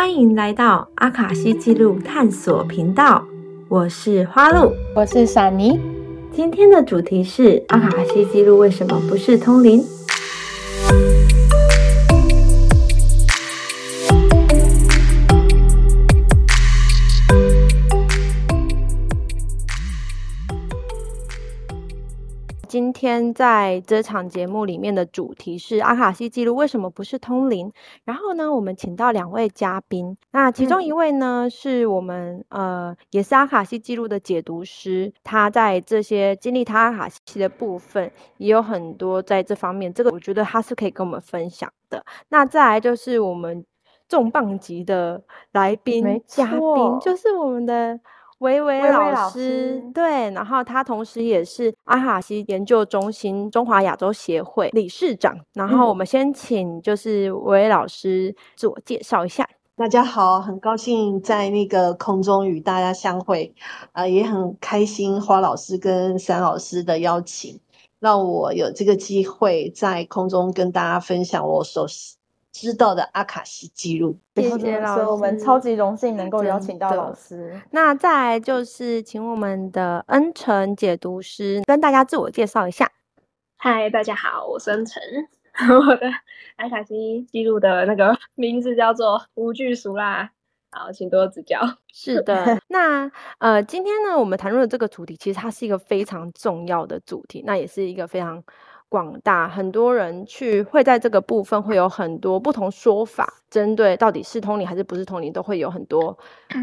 歡迎來到阿卡西記錄探索頻道，我是花露，我是閃妮。今天的主題是阿卡西記錄為什麼不是通靈？今天，在這場節目裡面的主題是阿卡西記錄為什麼不是通靈？然後呢，我們請到兩位嘉賓，那其中一位呢、嗯、是我們呃，也是阿卡西記錄的解讀師，他在這些經歷他阿卡西的部分也有很多在這方面，這個我覺得他是可以跟我們分享的。那再來就是我們重磅級的來賓嘉賓，就是我們的。薇薇老師，薇薇老師對，然後他同時也是阿卡西研究中心中華亞洲協會理事長。然後我們先請就是薇薇老師自我介紹一下。嗯、大家好，很高興在那個空中與大家相會，啊、呃，也很開心花老師跟閃老師的邀請，讓我有這個機會在空中跟大家分享我所知道的阿卡西記錄，謝謝老師，對我們超級榮幸能夠邀請到老師，嗯。那再來就是請我們的恩辰解讀師跟大家自我介紹一下。嗨，大家好，我是恩辰 我的阿卡西記錄的那個名字叫做無懼俗辣。好，請多指教。是的， 那呃，今天呢，我們談論的這個主題，其實它是一個非常重要的主題，那也是一個非常。廣大很多人去會在這個部分會有很多不同說法，針對到底是通靈還是不是通靈，都會有很多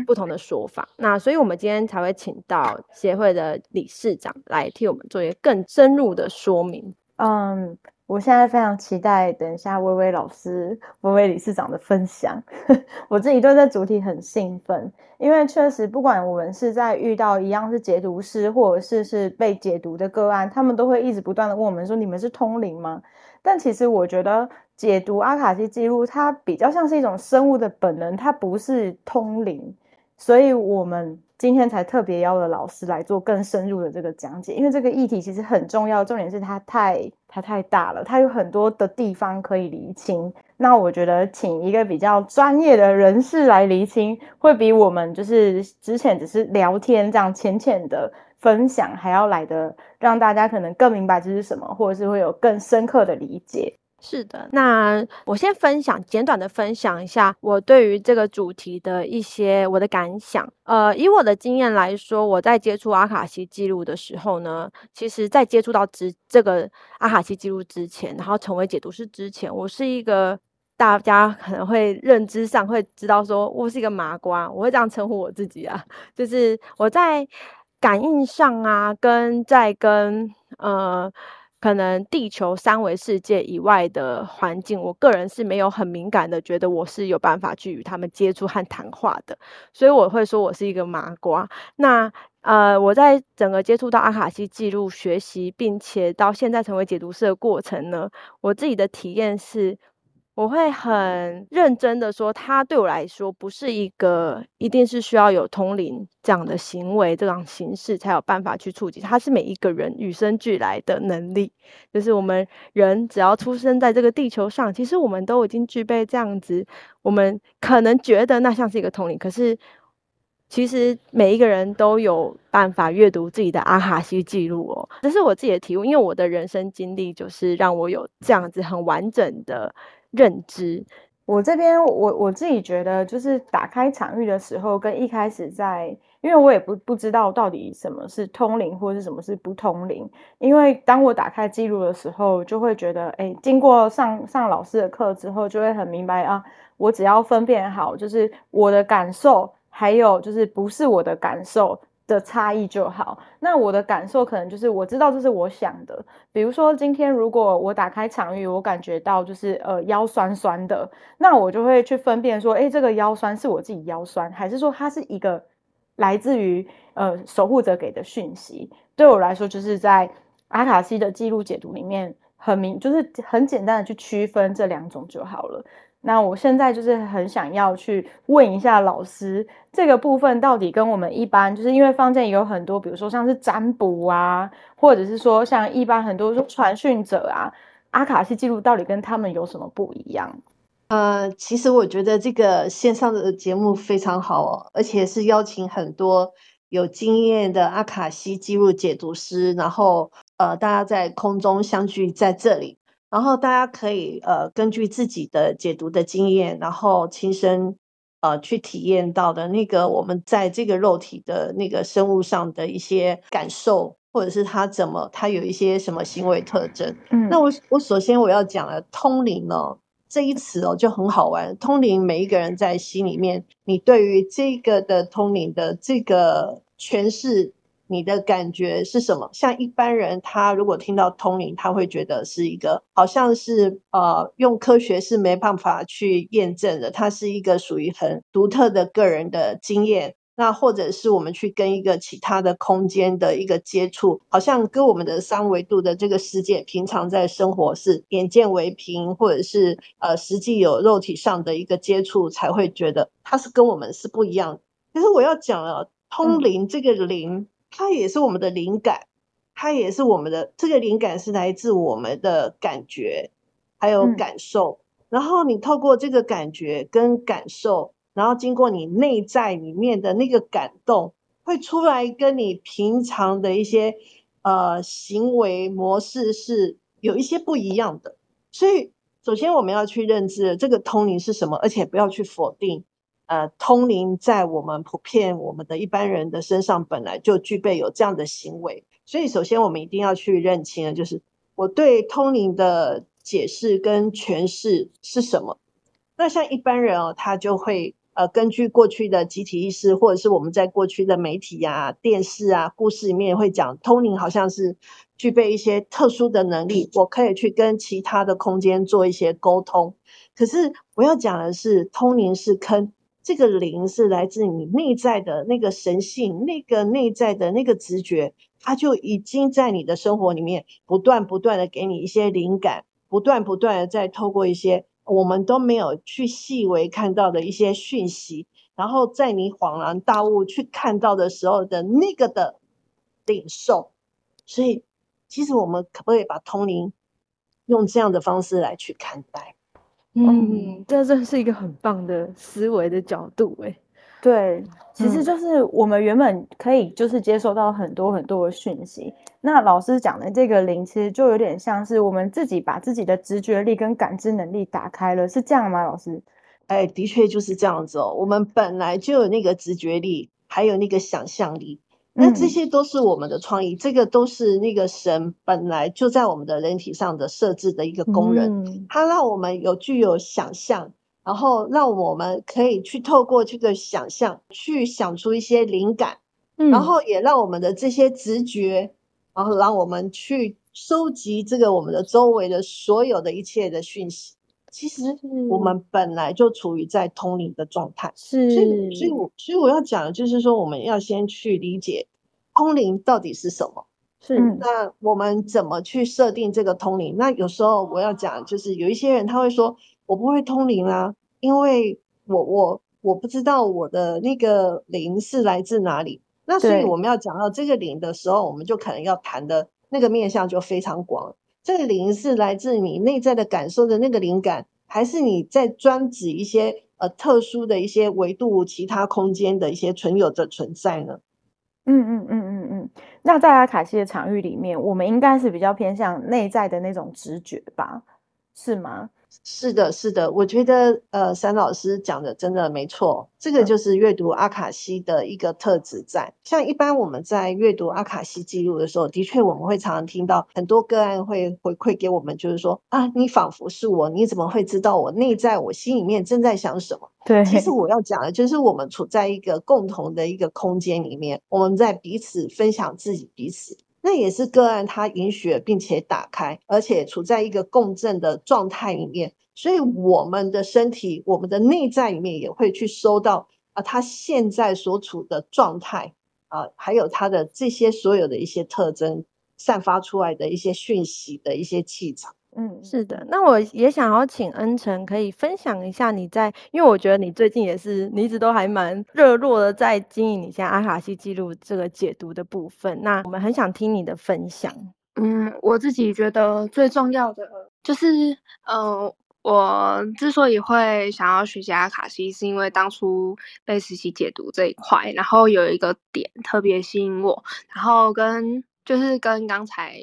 不同的說法。 那所以我們今天才會請到協會的理事長來替我們做一個更深入的說明。嗯、um。我現在非常期待等一下薇薇老師、薇薇理事長的分享。 我自己對這主題很興奮，因為確實不管我們是在遇到一樣是解讀師，或者是是被解讀的個案，他們都會一直不斷地問我們說：你們是通靈嗎？但其實我覺得解讀阿卡西記錄，它比較像是一種生物的本能，它不是通靈，所以我們。今天才特別邀了老師來做更深入的這個講解，因為這個議題其實很重要，重點是它太它太大了，它有很多的地方可以釐清。那我覺得請一個比較專業的人士來釐清，會比我們就是之前只是聊天這樣淺淺的分享還要來得讓大家可能更明白這是什麼，或者是會有更深刻的理解。是的，那我先分享，簡短的分享一下我對於這個主題的一些我的感想。呃，以我的經驗來說，我在接觸阿卡西記錄的時候呢，其實在接觸到這這個阿卡西記錄之前，然後成為解讀師之前，我是一個大家可能會認知上會知道說我是一個麻瓜，我會這樣稱呼我自己啊，就是我在感應上啊，跟在跟呃。可能地球三維世界以外的環境，我個人是沒有很敏感的，覺得我是有辦法去與他們接觸和談話的，所以我會說我是一個麻瓜。那呃，我在整個接觸到阿卡西記錄學習，並且到現在成為解讀師的過程呢，我自己的體驗是。我會很認真的說，它對我來說不是一個一定是需要有通靈這樣的行為、這種形式才有辦法去觸及。它是每一個人與生俱來的能力，就是我們人只要出生在這個地球上，其實我們都已經具備這樣子。我們可能覺得那像是一個通靈，可是其實每一個人都有辦法閱讀自己的阿卡西紀錄哦。這是我自己的題目，因為我的人生經歷就是讓我有這樣子很完整的。認知，我這邊我我自己覺得，就是打開場域的時候，跟一開始在，因為我也不不知道到底什麼是通靈或是什麼是不通靈，因為當我打開記錄的時候，就會覺得，哎，經過上上老師的課之後，就會很明白啊，我只要分辨好，就是我的感受，還有就是不是我的感受，的差異就好。那我的感受可能就是，我知道這是我想的。比如說，今天如果我打開場域，我感覺到就是呃腰酸酸的，那我就會去分辨說，誒、欸，這個腰酸是我自己腰酸，還是說它是一個來自於呃守護者給的訊息？對我來說，就是在阿卡西的記錄解讀裡面，很明，就是很簡單的去區分這兩種就好了。那我現在就是很想要去問一下老師，這個部分到底跟我們一般，就是因為坊間也有很多，比如說像是占卜啊，或者是說像一般很多說傳訊者啊，阿卡西記錄到底跟他們有什麼不一樣？呃，其實我覺得這個線上的節目非常好哦，而且是邀請很多有經驗的阿卡西記錄解讀師，然後呃，大家在空中相聚在這裡。然後大家可以呃根據自己的解讀的經驗，然後親身呃去體驗到的那個我們在這個肉體的那個生物上的一些感受，或者是它怎麼它有一些什麼行為特徵。嗯，那我我首先我要講了通靈哦這一詞哦就很好玩，通靈每一個人在心裡面，你對於這個的通靈的這個詮釋。你的感覺是什麼？像一般人，他如果聽到通靈，他會覺得是一個好像是呃，用科學是沒辦法去驗證的，它是一個屬於很獨特的個人的經驗。那或者是我們去跟一個其他的空間的一個接觸，好像跟我們的三維度的這個世界，平常在生活是眼見為憑，或者是呃，實際有肉體上的一個接觸，才會覺得它是跟我們是不一樣的。可是我要講啊，通靈這個靈。嗯它也是我們的靈感，它也是我們的這個靈感是來自我們的感覺還有感受，嗯、然後你透過這個感覺跟感受，然後經過你內在裡面的那個感動，會出來跟你平常的一些呃行為模式是有一些不一樣的。所以，首先我們要去認知這個通靈是什麼，而且不要去否定。呃，通靈在我們普遍我們的一般人的身上本來就具備有這樣的行為，所以首先我們一定要去認清的就是我對通靈的解釋跟詮釋是什麼。那像一般人哦，他就會呃根據過去的集體意識，或者是我們在過去的媒體呀、啊、電視啊、故事裡面會講，通靈好像是具備一些特殊的能力，我可以去跟其他的空間做一些溝通。可是我要講的是，通靈是坑。這個靈是來自你內在的那個神性，那個內在的那個直覺，它就已經在你的生活裡面不斷不斷的給你一些靈感，不斷不斷的在透過一些我們都沒有去細微看到的一些訊息，然後在你恍然大悟去看到的時候的那個的領受。所以，其實我們可不可以把通靈用這樣的方式來去看待？嗯，嗯，這真是一個很棒的思維的角度哎。對，其實就是我們原本可以就是接收到很多很多的訊息。嗯，那老師講的這個靈，其實就有點像是我們自己把自己的直覺力跟感知能力打開了，是這樣嗎？老師？哎，的確就是這樣子哦。我們本來就有那個直覺力，還有那個想象力。那這些都是我們的創意，嗯、這個都是那個神本來就在我們的人體上的設置的一個功能，它、嗯、讓我們有具有想象，然後讓我們可以去透過這個想象去想出一些靈感，嗯、然後也讓我們的這些直覺，然後讓我們去收集這個我們的周圍的所有的一切的訊息。其實我們本來就處於在通靈的狀態，是、所，所以所以，我所以我要講的就是說，我們要先去理解通靈到底是什麼，是。那我們怎麼去設定這個通靈？那有時候我要講，就是有一些人他會說，我不會通靈啊，嗯，因為我我我不知道我的那個靈是來自哪裡。那所以我們要講到這個靈的時候，對我們就可能要談的那個面向就非常廣。這個靈是來自你內在的感受的那個靈感，還是你在專指一些呃特殊的一些維度、其他空間的一些存有的存在呢？嗯嗯嗯嗯嗯，那在阿卡西的場域裡面，我們應該是比較偏向內在的那種直覺吧，是嗎？是的，是的，我覺得呃，三老師講的真的沒錯，這個就是閱讀阿卡西的一個特質在。嗯、像一般我們在閱讀阿卡西記錄的時候，的確我們會常常聽到很多個案會回饋給我們，就是說啊，你仿佛是我，你怎麼會知道我內在、我心裡面正在想什麼？對嘿，其實我要講的就是我們處在一個共同的一個空間裡面，我們在彼此分享自己，彼此。那也是個案，他允許，並且打開，而且處在一個共振的狀態裡面，所以我們的身體、我們的內在裡面也會去收到啊，他現在所處的狀態啊，還有他的這些所有的一些特徵散發出來的一些訊息的一些氣場。嗯，是的，那我也想要請恩辰可以分享一下你在，因為我覺得你最近也是，你一直都還蠻熱絡的在經營你現在阿卡西記錄這個解讀的部分，那我們很想聽你的分享。嗯，我自己覺得最重要的就是，呃，我之所以會想要學習阿卡西，是因為當初被實習解讀這一塊，然後有一個點特別吸引我，然後跟就是跟剛才。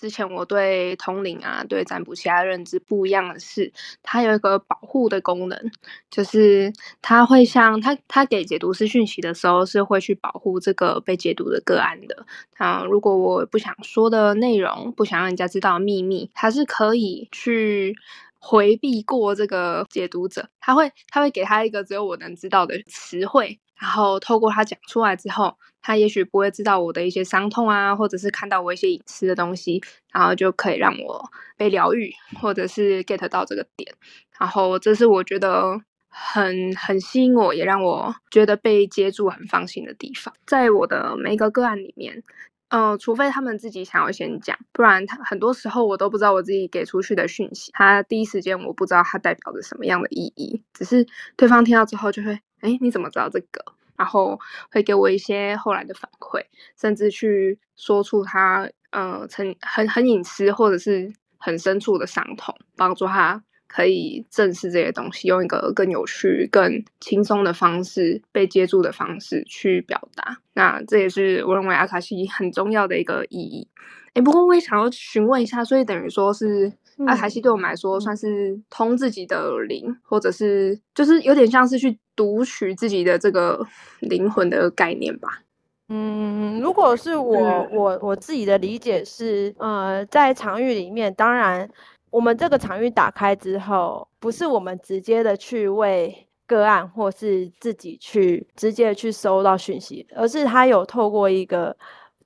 之前我對通靈啊，對占卜其他認知不一樣的是，它有一個保護的功能，就是它會像它它給解讀師訊息的時候，是會去保護這個被解讀的個案的。啊，如果我不想說的內容，不想讓人家知道秘密，它是可以去回避過這個解讀者，他會他會給他一個只有我能知道的詞彙。然後透過他講出來之後，他也許不會知道我的一些傷痛啊，或者是看到我一些隱私的東西，然後就可以讓我被療癒，或者是 get 到這個點。然後這是我覺得很很吸引我，也讓我覺得被接住很放心的地方。在我的每一個個案裡面，呃，除非他們自己想要先講，不然他很多時候我都不知道我自己給出去的訊息，他第一時間我不知道它代表着什麼樣的意義，只是對方聽到之後就會。哎，你怎麼知道這個？然後會給我一些後來的反饋，甚至去說出他呃，很很很隱私，或者是很深處的傷痛，幫助他可以正視這些東西，用一個更有趣、更輕鬆的方式被接住的方式去表達。那這也是我認為阿卡西很重要的一個意義。哎，不過我也想要詢問一下，所以等於說是阿卡西對我們來說算是通自己的靈，嗯、或者是就是有點像是去。讀取自己的這個靈魂的概念吧。嗯，如果是我，嗯、我我自己的理解是，呃，在場域裡面，當然我們這個場域打開之後，不是我們直接的去為個案或是自己去直接去收到訊息，而是他有透過一個。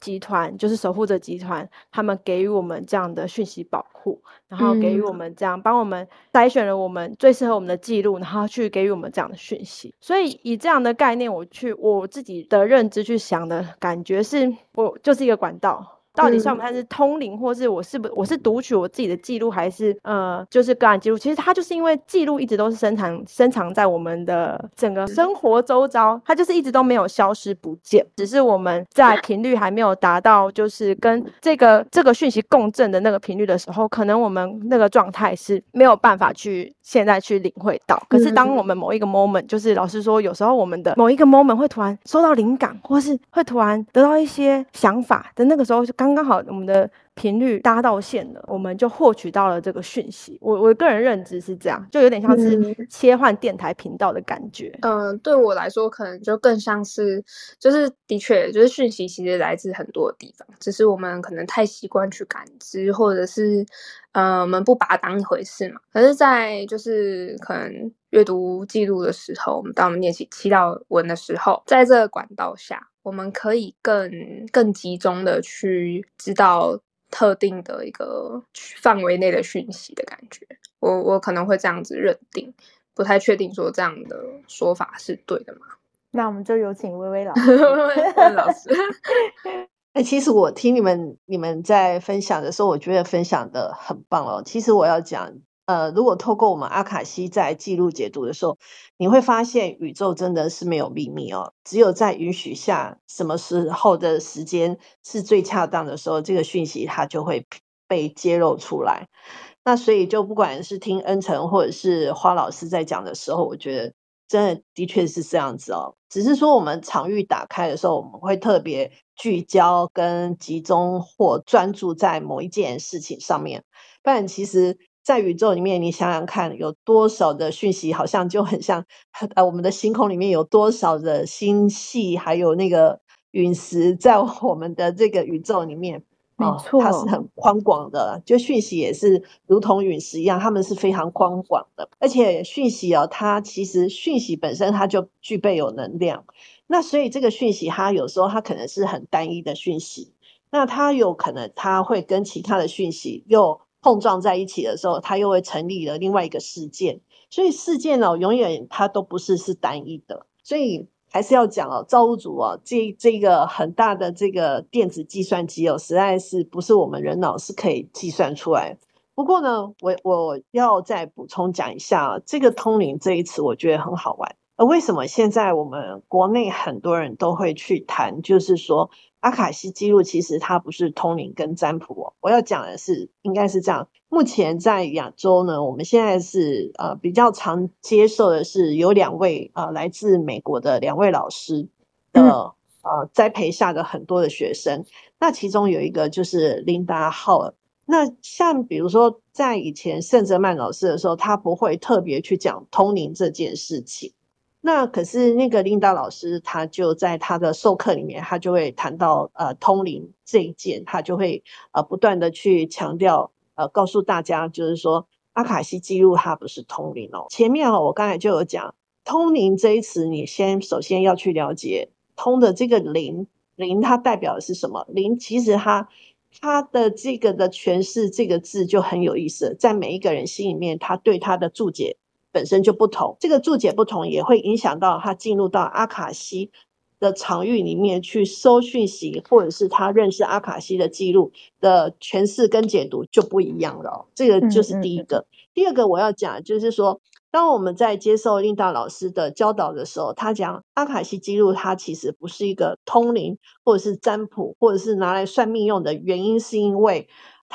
集團就是守護者集團，他們給予我們這樣的訊息保護，然後給予我們這樣嗯、幫我們篩選了我們最適合我們的記錄，然後去給予我們這樣的訊息。所以以這樣的概念，我去我自己的認知去想的感覺是，我就是一個管道。到底算不算是通靈，或是我是不是我是讀取我自己的記錄，還是呃就是個案記錄？其實它就是因為記錄一直都是深藏深藏在我們的整個生活周遭，它就是一直都沒有消失不見。只是我們在頻率還沒有達到，就是跟這個這個訊息共振的那個頻率的時候，可能我們那個狀態是沒有辦法去現在去領會到。可是當我們某一個 moment，就是老實說，有時候我們的某一個 moment 會突然收到靈感，或是會突然得到一些想法的那個時候，就剛剛好，我們的頻率搭到線了，我們就獲取到了這個訊息。我我個人認知是這樣，就有點像是切換電台頻道的感覺。嗯、呃，對我來說，可能就更像是，就是的確，就是訊息其實來自很多地方，只是我們可能太習慣去感知，或者是，嗯、呃、我們不把它當一回事嘛。可是，在就是可能閱讀記錄的時候，我們當我們念起祈禱文的時候，在這個管道下，我們可以更更集中的去知道特定的一個範圍內的訊息的感覺，我我可能會這樣子認定，不太確定說這樣的說法是對的嗎？那我們就有請薇薇老師。薇薇老師，哎，其實我聽你們你們在分享的時候，我覺得分享的很棒哦。其實我要講。呃，如果透過我們阿卡西在記錄解讀的時候，你會發現宇宙真的是沒有祕密哦。只有在允許下，什麼時候的時間是最恰當的時候，這個訊息它就會被揭露出來。那所以，就不管是聽恩辰或者是花老師在講的時候，我覺得真的的確是這樣子哦。只是說，我們場域打開的時候，我們會特別聚焦跟集中或專注在某一件事情上面，但其實。在宇宙裡面，你想想看，有多少的訊息？好像就很像，呃，我們的星空裡面有多少的星系，還有那個隕石，在我們的這個宇宙裡面，沒錯，哦，它是很寬廣的。就訊息也是如同隕石一樣，它們是非常寬廣的。而且訊息哦，它其實訊息本身它就具備有能量。那所以這個訊息，它有時候它可能是很單一的訊息，那它有可能它會跟其他的訊息又。碰撞在一起的時候，它又會成立了另外一個事件，所以事件哦，永遠它都不是是單一的，所以還是要講哦，造物主哦、啊，這這個很大的這個電子計算機哦，實在是不是我們人腦是可以計算出來。不過呢，我我要再補充講一下這個通靈這一次我覺得很好玩。而為什麼現在我們國內很多人都會去談，就是說。阿卡西記錄其實它不是通靈跟占卜哦，我要講的是，應該是這樣。目前在亞洲呢，我們現在是呃比較常接受的是有兩位呃來自美國的兩位老師的呃栽培下的很多的學生。嗯、那其中有一個就是琳達·浩爾。那像比如說在以前聖哲曼老師的時候，他不會特別去講通靈這件事情。那可是那個琳達老師，他就在他的授課裡面，他就會談到呃通靈這一件，他就會呃不斷的去強調呃告訴大家，就是說阿卡西記錄它不是通靈哦。前面哦，我剛才就有講，通靈這一詞，你先首先要去了解，通的這個靈，靈，靈它代表的是什麼靈？靈其實它它的這個的詮釋這個字就很有意思了，在每一個人心裡面，他對他的注解。本身就不同。這個注解不同，也會影響到他進入到阿卡西的場域裡面去收訊息，或者是他認識阿卡西的記錄的詮釋跟解讀就不一樣了哦。這個就是第一個。嗯嗯。第二個我要講，就是說，當我們在接受令大老師的教導的時候，他講阿卡西記錄，它其實不是一個通靈，或者是占卜，或者是拿來算命用的原因，是因為。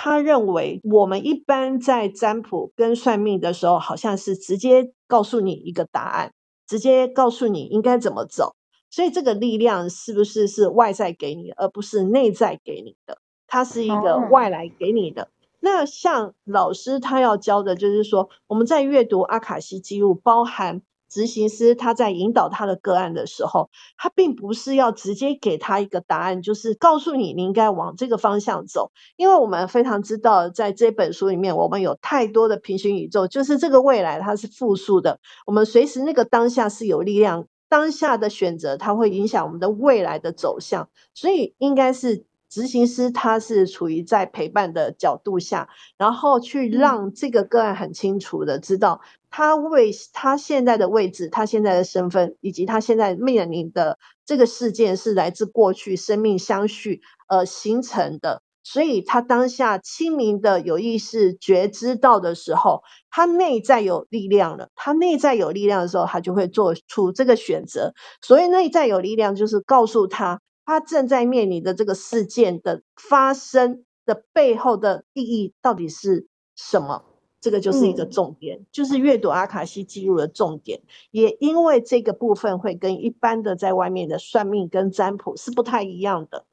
他認為，我們一般在占卜跟算命的時候，好像是直接告訴你一個答案，直接告訴你應該怎麼走。所以，這個力量是不是是外在給你的，而不是內在給你的？它是一個外來給你的。那像老師他要教的，就是說，我們在閱讀阿卡西記錄，包含。執行師他在引導他的個案的時候，他並不是要直接給他一個答案，就是告訴你你應該往這個方向走。因為我們非常知道，在這本書裡面，我們有太多的平行宇宙，就是這個未來它是複數的。我們隨時那個當下是有力量，當下的選擇它會影響我們的未來的走向，所以應該是。執行師他是處於在陪伴的角度下，然後去讓這個個案很清楚的知道，嗯、他為他現在的位置，他現在的身份，以及他現在面臨的這個事件是來自過去生命相續呃形成的，所以他當下清明的有意識覺知到的時候，他內在有力量了，他內在有力量的時候，他就會做出這個選擇，所以內在有力量就是告訴他。他正在面臨的這個事件的發生的背後的意義到底是什麼？這個就是一個重點，嗯、就是閱讀阿卡西記錄的重點。也因為這個部分會跟一般的在外面的算命跟占卜是不太一樣的，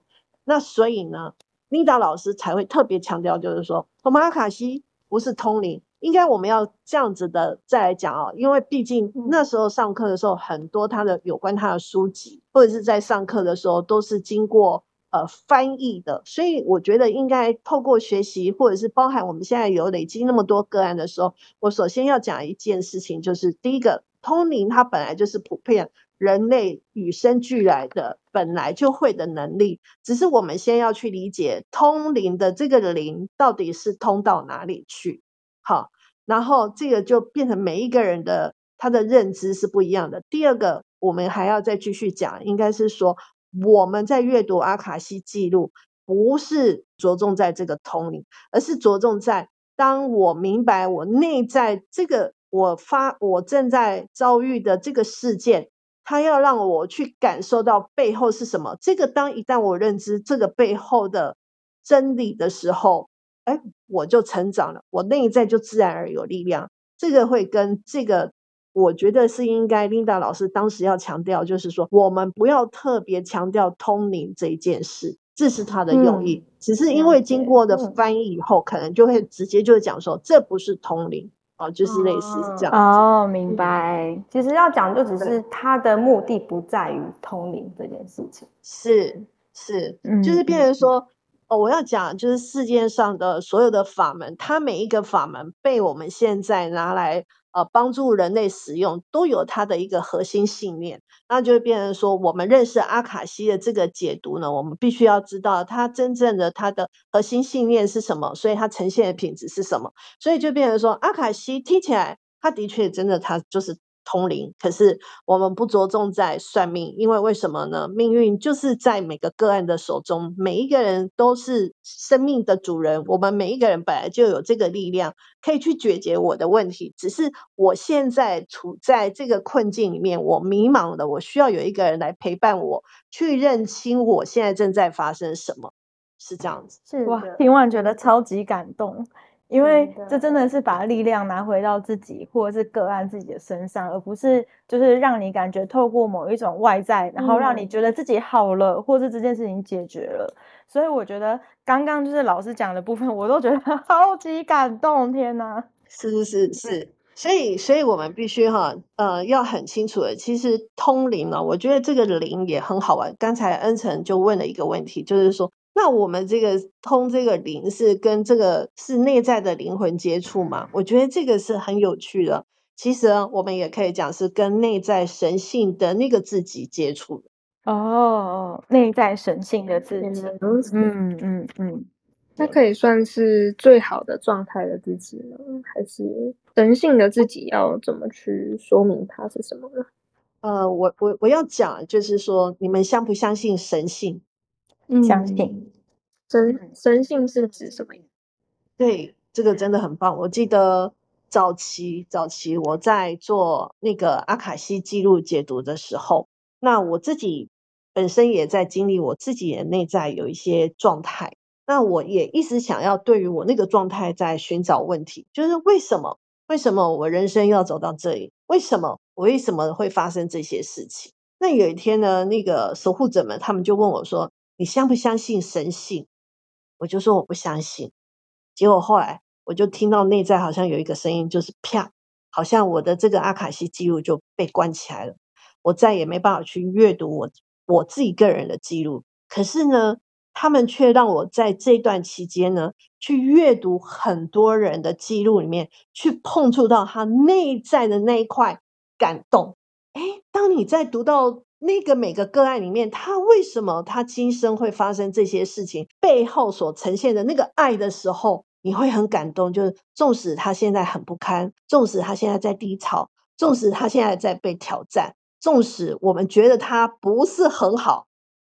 那所以呢，琳達老師才會特別強調，就是說我們阿卡西不是通靈。應該我們要這樣子的再來講哦，因為畢竟那時候上課的時候，很多他的有關他的書籍，或者是在上課的時候都是經過呃翻譯的，所以我覺得應該透過學習，或者是包含我們現在有累積那麼多個案的時候，我首先要講一件事情，就是第一個通靈，它本來就是普遍人類與生俱來的，本來就會的能力，只是我們先要去理解通靈的這個靈到底是通到哪裡去。好，然後這個就變成每一個人的他的認知是不一樣的。第二個，我們還要再繼續講，應該是說我們在閱讀阿卡西記錄，不是着重在這個通靈，而是着重在當我明白我內在這個我發我正在遭遇的這個事件，它要讓我去感受到背後是什麼。這個當一旦我認知這個背後的真理的時候。哎、欸，我就成長了，我內在就自然而有力量。這個會跟這個，我覺得是應該 Linda 老師當時要強調，就是說我們不要特別強調通靈這一件事，這是他的用意。嗯、只是因為經過的翻譯以後，嗯、可能就會直接就講說，這不是通靈哦、嗯啊，就是類似這樣。哦，對哦，明白。其實要講，就只是他的目的不在於通靈這件事情，是是，就是變成說。嗯嗯哦，我要講就是世界上的所有的法門，它每一個法門被我們現在拿來呃幫助人類使用，都有它的一個核心信念，那就會變成說，我們認識阿卡西的這個解讀呢，我們必須要知道它真正的它的核心信念是什麼，所以它呈現的品質是什麼，所以就變成說，阿卡西聽起來，它的確真的，它就是通靈，可是我們不着重在算命，因為為什麼呢？命運就是在每個個案的手中，每一個人都是生命的主人。我們每一個人本來就有這個力量，可以去解決我的問題。只是我現在處在這個困境裡面，我迷茫的，我需要有一個人來陪伴我，去認清我現在正在發生什麼。是這樣子，是哇！嗯、聽完覺得超級感動。因為這真的是把力量拿回到自己的或者是個案自己的身上，而不是就是讓你感覺透過某一種外在，嗯、然後讓你覺得自己好了，或是這件事情解決了。所以我覺得剛剛就是老師講的部分，我都覺得超級感動，天哪！是是是是，所以所以我們必須哈、啊，呃，要很清楚的，其實通靈呢、啊，我覺得這個靈也很好玩。剛才恩辰就問了一個問題，就是說。那我們這個通這個靈是跟這個是內在的靈魂接觸嗎？我覺得這個是很有趣的。其實我們也可以講是跟內在神性的那個自己接觸的。哦，內在神性的自己，嗯嗯嗯，嗯嗯嗯對那可以算是最好的狀態的自己呢？還是神性的自己要怎麼去說明它是什麼呢？呃，我我我要講就是說，你們相不相信神性？相信真，神、嗯、性是指什麼意思？對，這個真的很棒。我記得早期早期我在做那個阿卡西記錄解讀的時候，那我自己本身也在經歷我自己的內在有一些狀態。那我也一直想要對於我那個狀態在尋找問題，就是為什麼為什麼我人生要走到這裡？為什麼為什麼會發生這些事情？那有一天呢，那個守護者們他們就問我說。你相不相信神性？我就說我不相信。結果後來，我就聽到內在好像有一個聲音，就是啪，好像我的這個阿卡西記錄就被關起來了，我再也沒辦法去閱讀我我自己個人的記錄。可是呢，他們卻讓我在這段期間呢，去閱讀很多人的記錄裡面，去碰觸到他內在的那一塊感動。誒，當你在讀到。那個每個個案裡面，他為什麼他今生會發生這些事情，背後所呈現的那個愛的時候，你會很感動。就是縱使他現在很不堪，縱使他現在在低潮，縱使他現在在被挑戰，縱使我們覺得他不是很好，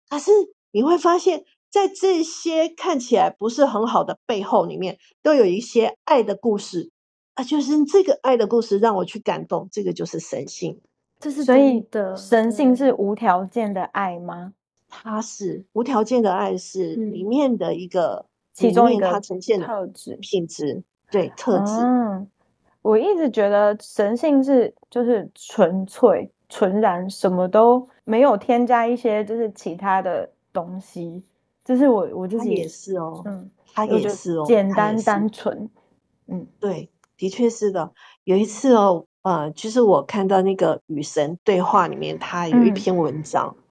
可是你會發現，在這些看起來不是很好的背後裡面，都有一些愛的故事啊，就是這個愛的故事讓我去感動。這個就是神性。這是所以的神性是無條件的愛嗎？嗯、它是無條件的愛是裡面的一個、嗯、其中一個特質它呈現的品質對特質品質對特質。嗯、啊，我一直覺得神性是就是純粹純然，什麼都沒有添加一些就是其他的東西。就是我我自己它也是哦，嗯，他也是哦，簡單單純純。嗯，對，的確是的。有一次哦。嗯啊、呃，就是我看到那個與神對話裡面，他有一篇文章，嗯、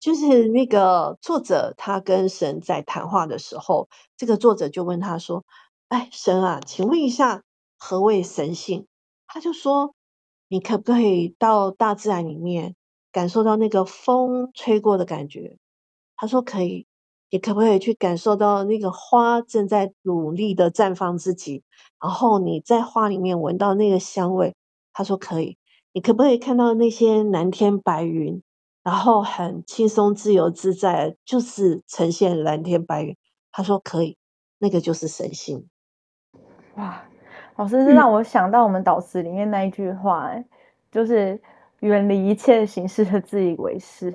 就是那個作者他跟神在談話的時候，這個作者就問他說：“哎，神啊，請問一下，何謂神性？”他就說：“你可不可以到大自然裡面感受到那個風吹過的感覺？”他說：“可以。”你可不可以去感受到那個花正在努力的綻放自己，然後你在花裡面聞到那個香味？他說可以，你可不可以看到那些藍天白雲，然後很輕鬆、自由自在，就是呈現藍天白雲？他說可以，那個就是神性。哇，老師，這讓我想到我們導師裡面那一句話、欸，嗯、就是遠離一切形式的自以為是，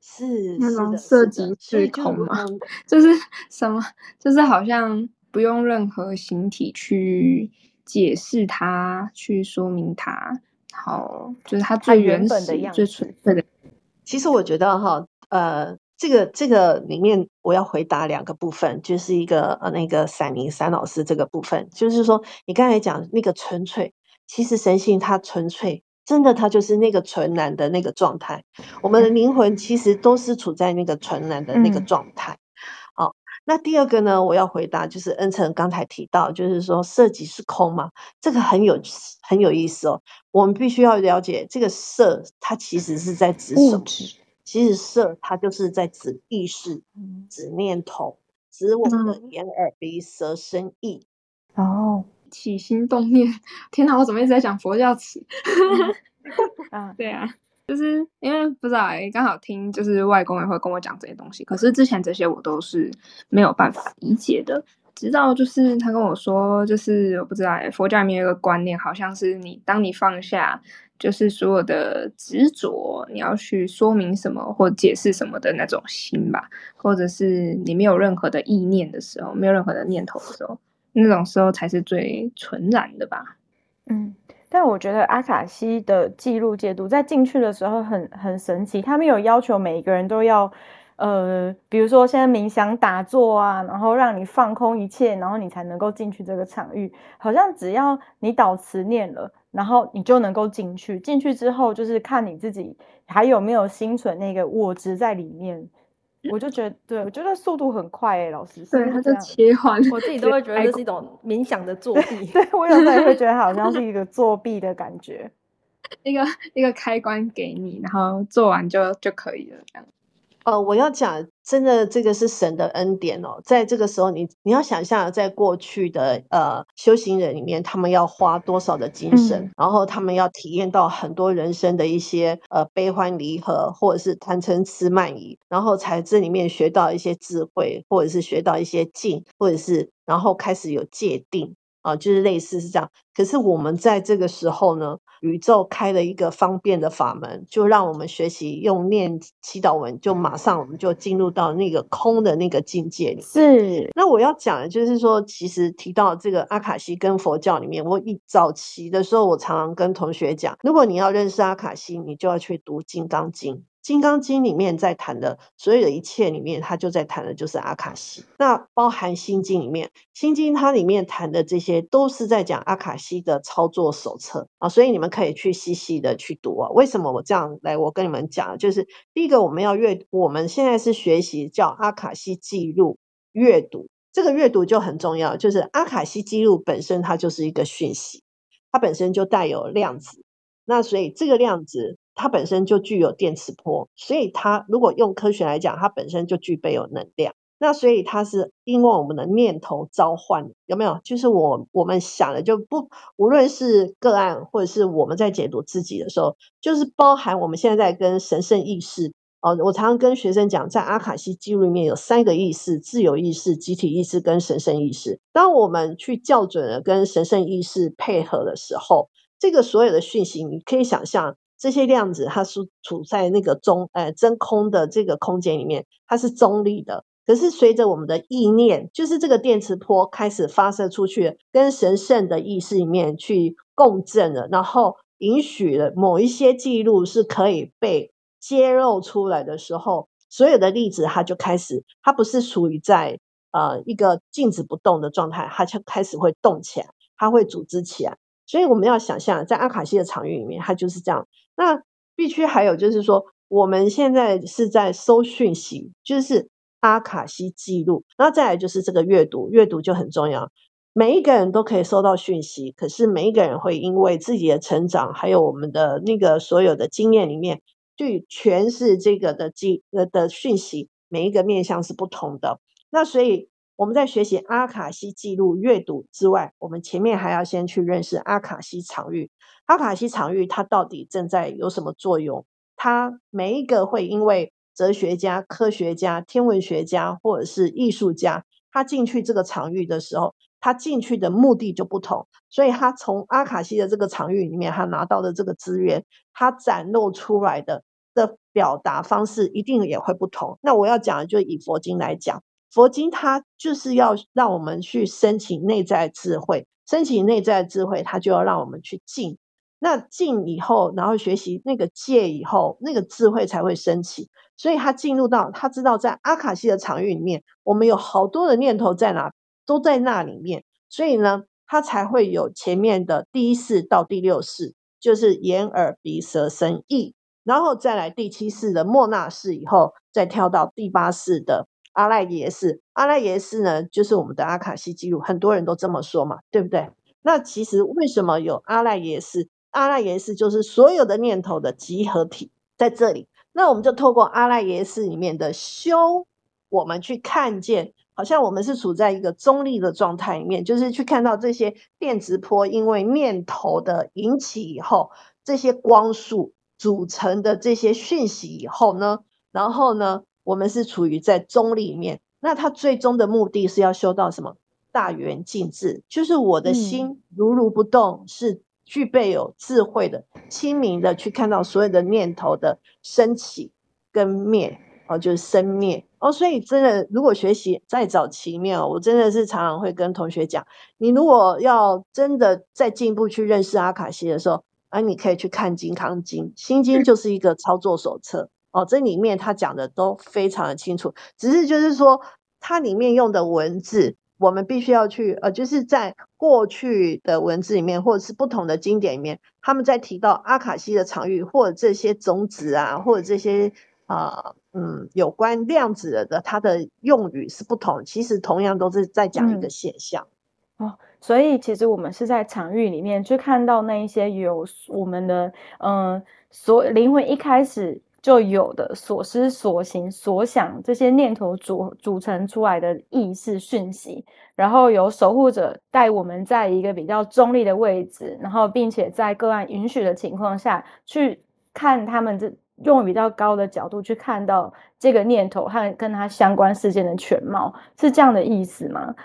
是那種色即是，是，是色即是空嘛？是的就是什麼？就是好像不用任何形體去。解釋它，去說明它，好，就是它最原始，他原本的樣子，最純粹的。其實我覺得哈，呃，這個這個裡面，我要回答兩個部分，就是一個呃，那個閃妮老師這個部分，就是說你剛才講那個純粹，其實神性它純粹，真的它就是那個純然的那個狀態。我們的靈魂其實都是處在那個純然的那個狀態。嗯嗯那第二個呢？我要回答，就是恩辰剛才提到，就是說色即是空嘛，這個很有很有意思哦。我們必須要了解，這個色它其實是在指什麼？其實色它就是在指意識、指念頭、指我們的眼耳鼻舌身意，然後、嗯哦、起心動念。天哪，我怎麼一直在講佛教詞？啊、嗯，嗯、 對啊。就是因為不知道，欸，剛好聽就是外公也會跟我講這些東西。可是之前這些我都是沒有辦法理解的，直到就是他跟我說，就是我不知道，欸，佛教裡面有一個觀念，好像是你當你放下就是所有的執着，你要去說明什麼或解釋什麼的那種心吧，或者是你沒有任何的意念的時候，沒有任何的念頭的時候，那種時候才是最純然的吧。嗯。但我覺得阿卡西的記錄解讀，在進去的時候很很神奇。他們有要求每一個人都要，呃，比如說現在冥想打坐啊，然後讓你放空一切，然後你才能夠進去這個場域。好像只要你禱詞念了，然後你就能夠進去。進去之後，就是看你自己還有沒有心存那個我執在裡面。 我就覺得，對，我覺得速度很快誒，老師，對，他在切換，我自己都會覺得這是一種冥想的作弊， 對我有時候也會覺得他好像是一個作弊的感覺， 一個一個開關給你，然後做完就就可以了，這樣。呃，我要講，真的，這個是神的恩典哦。在這個時候，你你要想象，在過去的呃修行人裡面，他們要花多少的精神，嗯、然後他們要體驗到很多人生的一些呃悲歡離合，或者是貪嗔癡慢疑，然後才這裡面學到一些智慧，或者是學到一些境，或者是然後開始有界定。啊、哦，就是類似是這樣。可是我們在這個時候呢，宇宙開了一個方便的法門，就讓我們學習用念祈禱文，就馬上我們就進入到那個空的那個境界裡。是。那我要講的就是說，其實提到這個阿卡西跟佛教裡面，我一早期的時候，我常常跟同學講，如果你要認識阿卡西，你就要去讀《金剛經》。《金剛經》裡面在談的所有的一切裡面，他就在談的就是阿卡西。那包含《心經》裡面，《心經》它裡面談的這些都是在講阿卡西的操作手冊啊、哦。所以你們可以去細細的去讀啊、哦。為什麼我這樣來？我跟你們講，就是第一個，我們要閱，我們現在是學習叫阿卡西記錄閱讀。這個閱讀就很重要，就是阿卡西記錄本身它就是一個訊息，它本身就帶有量子。那所以這個量子。它本身就具有電磁波，所以它如果用科學來講，它本身就具備有能量。那所以它是因為我們的念頭召喚，有沒有？就是我我們想的就不，無論是個案或者是我們在解讀自己的時候，就是包含我們現在在跟神聖意識哦、呃。我常常跟學生講，在阿卡西記錄裡面有三個意識：自由意識、集體意識跟神聖意識。當我們去校準了跟神聖意識配合的時候，這個所有的訊息，你可以想象。這些量子它是處在那個中呃、欸、真空的這個空間裡面，它是中立的。可是隨着我們的意念，就是這個電磁波開始發射出去，跟神聖的意識裡面去共振了，然後允許了某一些記錄是可以被揭露出來的時候，所有的粒子它就開始，它不是屬於在呃一個靜止不動的狀態，它就開始會動起來，它會組織起來。所以我們要想象，在阿卡西的場域裡面，它就是這樣。那必須還有就是說，我們現在是在收訊息，就是阿卡西記錄，那再來就是這個閱讀，閱讀就很重要。每一個人都可以收到訊息，可是每一個人會因為自己的成長，還有我們的那個所有的經驗裡面去詮釋這個的記的的訊息，每一個面向是不同的。那所以。我們在學習阿卡西紀錄閱讀之外，我們前面還要先去認識阿卡西場域。阿卡西場域它到底正在有什麼作用？它每一個會因為哲學家、科學家、天文學家或者是藝術家，他進去這個場域的時候，他進去的目的就不同，所以他從阿卡西的這個場域裡面，他拿到的這個資源，他展露出來的的表達方式一定也會不同。那我要講的就以佛經來講。佛經它就是要讓我們去升起內在智慧。升起內在智慧，它就要讓我們去靜。那靜以後，然後學習那個戒以後，那個智慧才會升起。所以，他進入到他知道在阿卡西的場域裡面，我們有好多的念頭在哪，都在那裡面。所以呢，他才會有前面的第一世到第六世，就是眼耳鼻舌身意，然後再來第七世的莫那世以後，再跳到第八世的。阿賴耶識，阿賴耶識呢，就是我們的阿卡西記錄，很多人都這麼說嘛，對不對？那其實為什麼有阿賴耶識？阿賴耶識就是所有的念頭的集合體在這裡。那我們就透過阿賴耶識裡面的修，我們去看見，好像我們是處在一個中立的狀態裡面，就是去看到這些電磁波，因為念頭的引起以後，這些光束組成的這些訊息以後呢，然後呢？我們是處於在中立面，那他最終的目的是要修到什麼？大圓鏡智就是我的心如如不動，是具備有智慧的、清明的去看到所有的念頭的升起跟滅哦、啊，就是生滅哦。所以真的，如果學習再找奇妙，我真的是常常會跟同學講，你如果要真的再進一步去認識阿卡西的時候，啊，你可以去看金金《金剛經》《心經》，就是一個操作手冊。哦，這裡面他講的都非常的清楚，只是就是說，它裡面用的文字，我們必須要去呃，就是在過去的文字裡面，或者是不同的經典裡面，他們在提到阿卡西的場域，或者這些種子啊，或者這些啊、呃，嗯，有關量子的它的用語是不同，其實同樣都是在講一個現象、嗯。哦，所以其實我們是在場域裡面去看到那一些有我們的，嗯、呃，所靈魂一開始。就有的所思所行所想，這些念頭組組成出來的意識訊息，然後由守護者帶我們在一個比較中立的位置，然後並且在個案允許的情況下去看他們，這用比較高的角度去看到這個念頭和跟他相關事件的全貌，是這樣的意思嗎？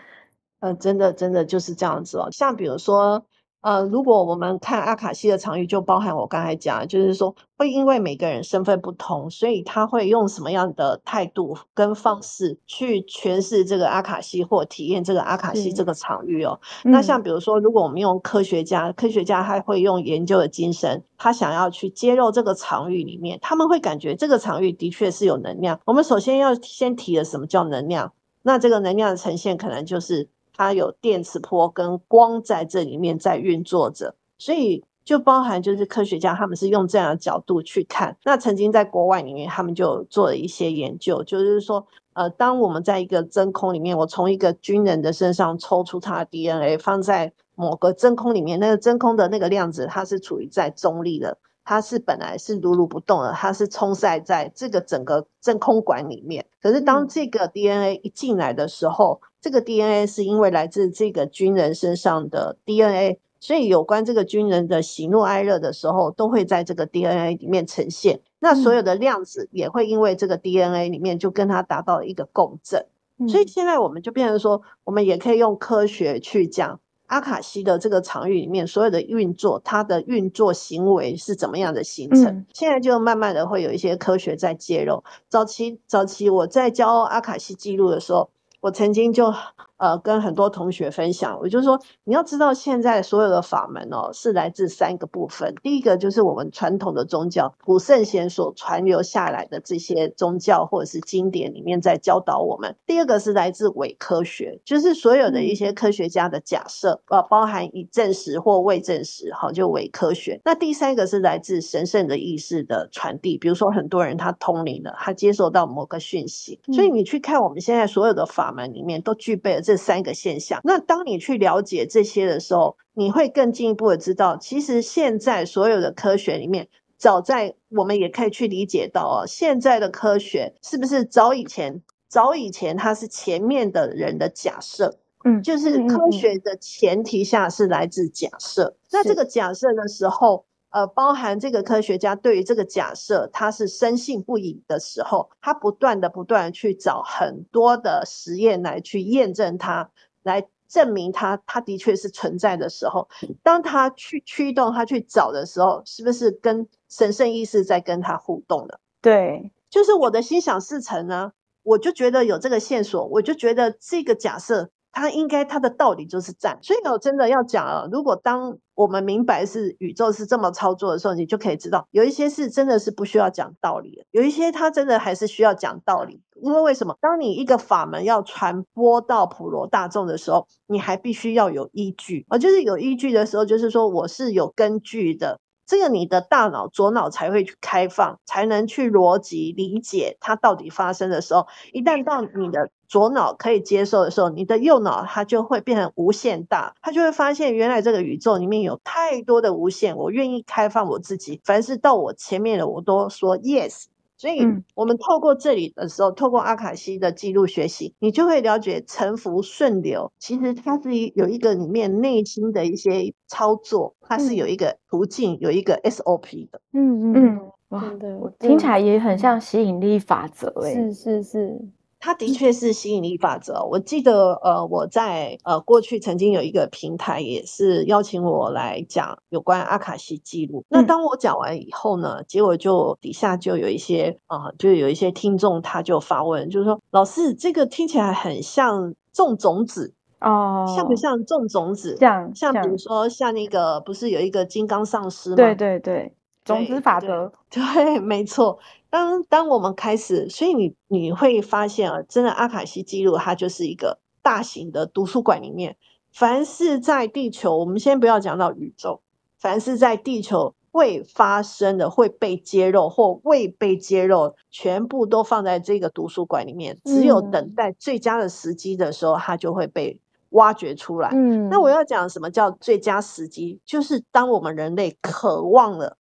嗯，真的真的就是這樣子哦，像比如說。呃，如果我們看阿卡西的場域，就包含我剛才講的，就是說會因為每個人身份不同，所以他會用什麼樣的態度跟方式去詮釋這個阿卡西或體驗這個阿卡西這個場域哦。嗯、那像比如說，如果我們用科學家，科學家他會用研究的精神，他想要去揭露這個場域裡面，他們會感覺這個場域的確是有能量。我們首先要先提的什麼叫能量？那這個能量的呈現，可能就是。它有電磁波跟光在這裡面在運作着，所以就包含就是科學家他們是用這樣的角度去看。那曾經在國外裡面，他們就做了一些研究，就是說，呃，當我們在一個真空裡面，我從一個軍人的身上抽出他的 DNA，放在某個真空裡面，那個真空的那個量子它是處於在中立的，它是本來是如如不動的，它是充塞在這個整個真空管裡面。可是當這個 DNA 一進來的時候，嗯這個 DNA 是因為來自這個軍人身上的 DNA，所以有關這個軍人的喜怒哀樂的時候，都會在這個 DNA 裡面呈現。那所有的量子也會因為這個 DNA 裡面，就跟它達到一個共振。嗯、所以現在我們就變成說，我們也可以用科學去講阿卡西的這個場域裡面所有的運作，它的運作行為是怎麼樣的形成。嗯、現在就慢慢的會有一些科學在介入。早期，早期我在教阿卡西記錄的時候。我曾經就。呃，跟很多同學分享，我就說你要知道，現在所有的法門哦，是來自三個部分。第一個就是我們傳統的宗教，古聖賢所傳留下來的這些宗教或者是經典裡面在教導我們。第二個是來自偽科學，就是所有的一些科學家的假設，呃、嗯，包含已證實或未證實，好，就偽科學。那第三個是來自神聖的意識的傳遞，比如說很多人他通靈了，他接受到某個訊息。嗯、所以你去看我們現在所有的法門裡面，都具備了。這三個現象，那當你去了解這些的時候，你會更進一步的知道，其實現在所有的科學裡面，早在我們也可以去理解到啊，現在的科學是不是早以前，早以前它是前面的人的假設，嗯，就是科學的前提下是來自假設，明白。那這個假設的時候。呃，包含這個科學家對於這個假設，他是深信不疑的時候，他不斷的、不斷去找很多的實驗來去驗證它，來證明它，它的確是存在的時候，當他去驅動他去找的時候，是不是跟神聖意識在跟他互動的？對，就是我的心想事成呢、啊，我就覺得有這個線索，我就覺得這個假設。他應該他的道理就是站，所以我真的要講啊。如果當我們明白是宇宙是這麼操作的時候，你就可以知道，有一些是真的是不需要講道理的，有一些他真的還是需要講道理。因為為什麼？當你一個法門要傳播到普羅大眾的時候，你還必須要有依據啊。就是有依據的時候，就是說我是有根據的。這個你的大腦左腦才會去開放，才能去邏輯理解它到底發生的時候。一旦到你的左腦可以接受的時候，你的右腦它就會變成無限大，它就會發現原來這個宇宙裡面有太多的無限。我願意開放我自己，凡是到我前面的，我都說 yes。所以，我們透過這裡的時候，嗯、透過阿卡西的記錄學習，你就會了解臣服順流，其實它是有一個裡面內心的一些操作，它是有一個途徑，嗯、有一個 SOP 的。嗯嗯，哇，對，我聽起來也很像吸引力法則欸，是是是。是是它的確是吸引力法則。嗯、我記得，呃，我在呃過去曾經有一個平台，也是邀請我來講有關阿卡西記錄。嗯、那當我講完以後呢，結果就底下就有一些啊、呃，就有一些聽眾他就發問，就是說：“老師，這個聽起來很像種種子哦，像不像種種子？像像比如說像那個像不是有一個金剛上師嗎？對對對，種子法則，對，對，對，沒錯。”當當我們開始，所以你你會發現啊，真的阿卡西記錄它就是一個大型的圖書館裡面，凡是在地球，我們先不要講到宇宙，凡是在地球未發生的會被揭露或未被揭露，全部都放在這個圖書館裡面，只有等待最佳的時機的時候，嗯、它就會被挖掘出來。嗯，那我要講什麼叫最佳時機，就是當我們人類渴望了。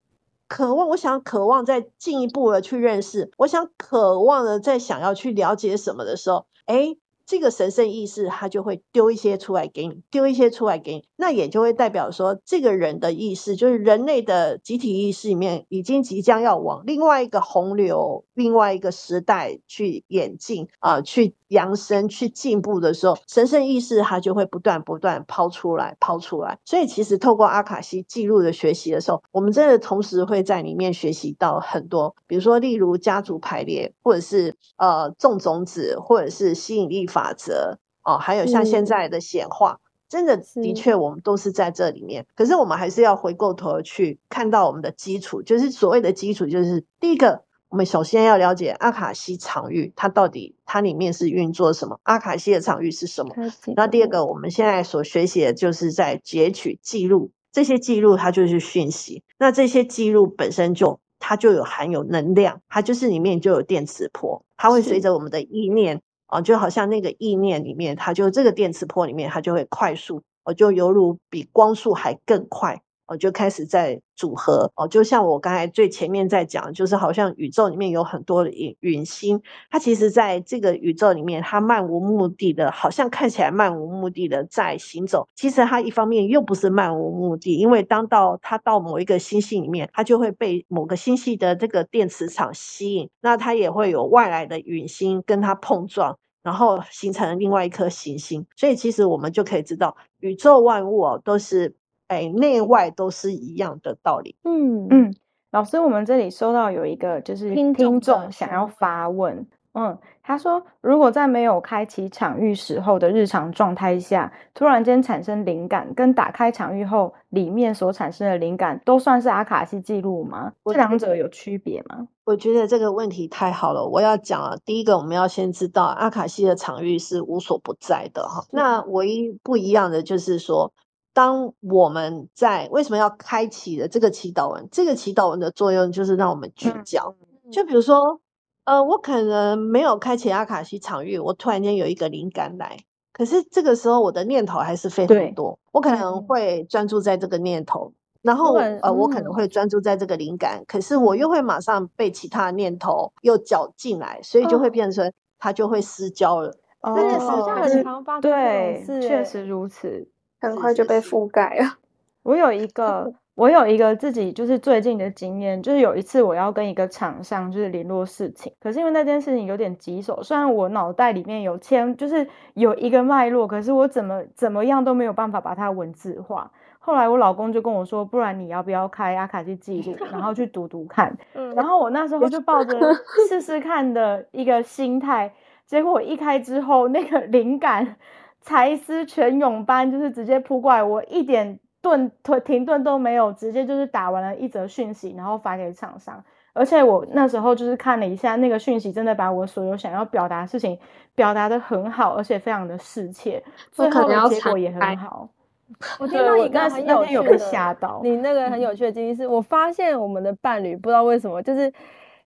渴望，我想渴望再進一步的去認識，我想渴望的再想要去了解什麼的時候，哎，這個神聖意識它就會丟一些出來給你，丟一些出來給你，那也就會代表說，這個人的意識，就是人類的集體意識裡面，已經即將要往另外一個洪流，另外一個時代去演進啊、呃，去揚升、去進步的時候，神聖意識它就會不斷、不斷拋出來、拋出來。所以，其實透過阿卡西記錄的學習的時候，我們真的同時會在裡面學習到很多，比如說，例如家族排列，或者是呃種種子，或者是吸引力法則哦、呃，還有像現在的顯化，嗯、真的的確我們都是在這裡面。是。可是，我們還是要回過頭去看到我們的基礎，就是所謂的基礎，就是第一個。我們首先要了解阿卡西場域，它到底它裡面是運作什麼？阿卡西的場域是什麼？那第二個，我們現在所學習的就是在截取記錄，這些記錄它就是訊息。那這些記錄本身就它就有含有能量，它就是裡面就有電磁波，它會隨着我們的意念啊是、哦，就好像那個意念裡面，它就這個電磁波裡面，它就會快速，哦，就猶如比光速還更快。我就開始在組合哦，就像我剛才最前面在講，就是好像宇宙裡面有很多的隕星，它其實在這個宇宙裡面，它漫無目的的，好像看起來漫無目的的在行走。其實它一方面又不是漫無目的，因為當到它到某一個星系裡面，它就會被某個星系的這個電磁場吸引，那它也會有外來的隕星跟它碰撞，然後形成另外一顆行星。所以其實我們就可以知道，宇宙萬物哦都是。哎，內外都是一樣的道理。嗯嗯，老師，我們這裡收到有一個就是聽眾想要發問，嗯，他說，如果在沒有開啟場域時候的日常狀態下，突然間產生靈感，跟打開場域後裡面所產生的靈感，都算是阿卡西記錄嗎？我，這兩者有區別嗎？我覺得這個問題太好了，我要講了。第一個，我們要先知道阿卡西的場域是無所不在的哈。是的。那唯一不一樣的就是說。當我們在為什麼要開啟的這個祈禱文？這個祈禱文的作用就是讓我們聚焦。嗯、就比如說，呃，我可能沒有開啟阿卡西場域，我突然間有一個靈感來，可是這個時候我的念頭還是非常多，對我可能會專注在這個念頭，對然後、嗯、呃，我可能會專注在這個靈感，嗯、可是我又會馬上被其他的念頭又攪進來，所以就會變成它就會失焦了。這個時下很常發生的事，確實如此。很快就被覆蓋了，是是是。我有一個，我有一個自己，就是最近的經驗， 就是有一次我要跟一個廠商就是聯絡事情，可是因為那件事情有點棘手，雖然我腦袋裡面有簽，就是有一個脈絡，可是我怎麼怎麼樣都沒有辦法把它文字化。後來我老公就跟我說，不然你要不要開阿、啊、卡西記錄，然後去讀讀看？ 然後我那時候就抱着試試看的一個心態，結果我一開之後，那個靈感。才思泉湧般，就是直接撲過來，我一點頓、停頓都沒有，直接就是打完了一則訊息，然後發給廠商。而且我那時候就是看了一下那個訊息，真的把我所有想要表達的事情表達得很好，而且非常的適切，最後結果也很好。我，我聽到你剛才那邊有被嚇到 你那個很有趣的經歷，是我發現我們的伴侶不知道為什麼就是。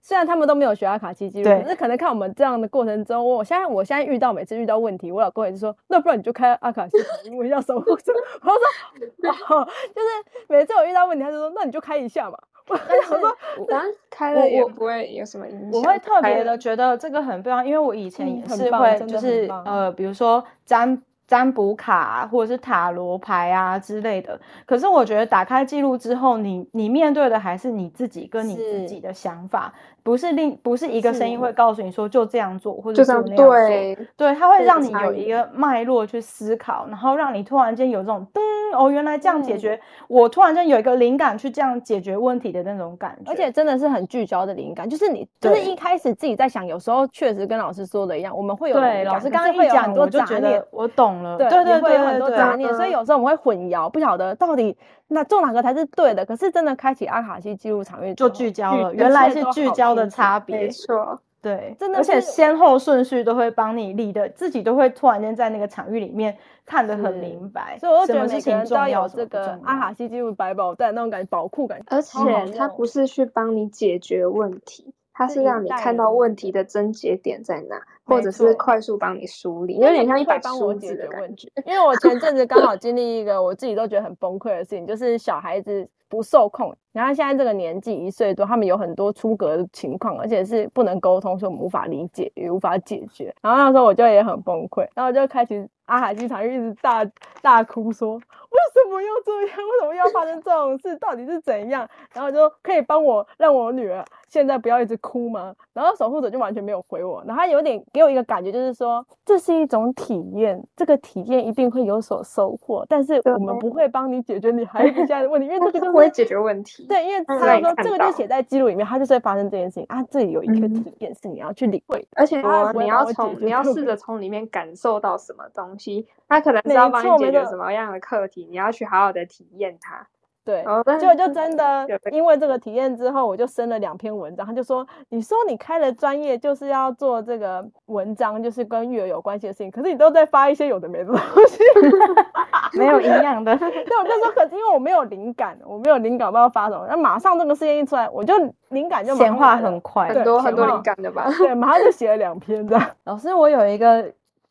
雖然他們都沒有學阿卡西記錄，可對是可能看我們這樣的過程中，我現在我現在遇到每次遇到問題，我老公也是說，那不然你就開阿卡西記錄要守護者。 我說、啊，就是每次我遇到問題，他就說，那你就開一下嘛。我說，剛開了我不會有什麼影響。我會特別的覺得這個很重要，因為我以前也是會，就是、嗯、真的呃，比如說粘。占卜卡或者是塔羅牌啊之類的，可是我覺得打開記錄之後你，你你面對的還是你自己跟你自己的想法。不是另，不是一個聲音會告訴你說，就這樣做或者是那樣做。對，它會讓你有一個脈絡去思考，然後讓你突然間有這種噔哦，原來這樣解決，我突然間有一個靈感去這樣解決問題的那種感覺，而且真的是很聚焦的靈感，就是你就是一開始自己在想，有時候確實跟老師說的一樣，我們會有老師剛剛一講，我就雜念，我懂了，對對對對，很多雜念，所以有時候我們會混淆，不曉得到底。那做哪個才是對的？可是真的開啟阿卡西記錄場域，就聚焦了。原來是聚焦的差別，沒錯，對，真的，而且先後順序都會幫你立的，自己都會突然間在那個場域裡面看得很明白。所以我覺得，每人都要有這個阿卡西記錄百寶袋那種感覺，覺，寶庫感。而且他不是去幫你解決問題。它是讓你看到問題的症結點在哪，沒錯，或者是快速幫你梳理，有點像一把梳子的感覺，幫我解決問題。因為我前陣子剛好經歷一個我自己都覺得很崩潰的事情， 就是小孩子不受控，然後現在這個年紀一歲多，他們有很多出格的情況，而且是不能溝通，說我們無法理解也無法解決。然後那時候我就也很崩潰，然後我就開始。阿海經常就一直大大哭說：“為什麼要做這樣？為什麼要發生這種事？ 到底是怎樣？”然後就說：“可以幫我讓我女兒現在不要一直哭嗎？”然後守護者就完全沒有回我，然後他有點給我一個感覺，就是說這是一種體驗，這個體驗一定會有所收穫，但是我們不會幫你解決你孩子現在的問題，對因為這個不、就是、 會解決問題。對，因為他說這個就寫在記錄裡面，他就是會發生這件事情啊。這裡有一個體驗是你要去領會的，嗯，而且你要你要從你要試着從裡面感受到什麼東西。他可能需要幫你解決什麼樣的課題？錯錯你要去好好的體驗它。對，結果、oh, 就，就真的 因為這個體驗之後，我就生了兩篇文章。他就說：“你說你開了專業，就是要做這個文章，就是跟育兒有關係的事情。可是你都在發一些有的沒的東西， 沒有營養的。” 對，我就說：“可是因為我沒有靈感，我沒有靈感，不知道發什麼。”那馬上這個事件一出來，我就靈感就顯化很快，對很多很多靈感的吧對？對，馬上就寫了兩篇的。 老師，我有一個。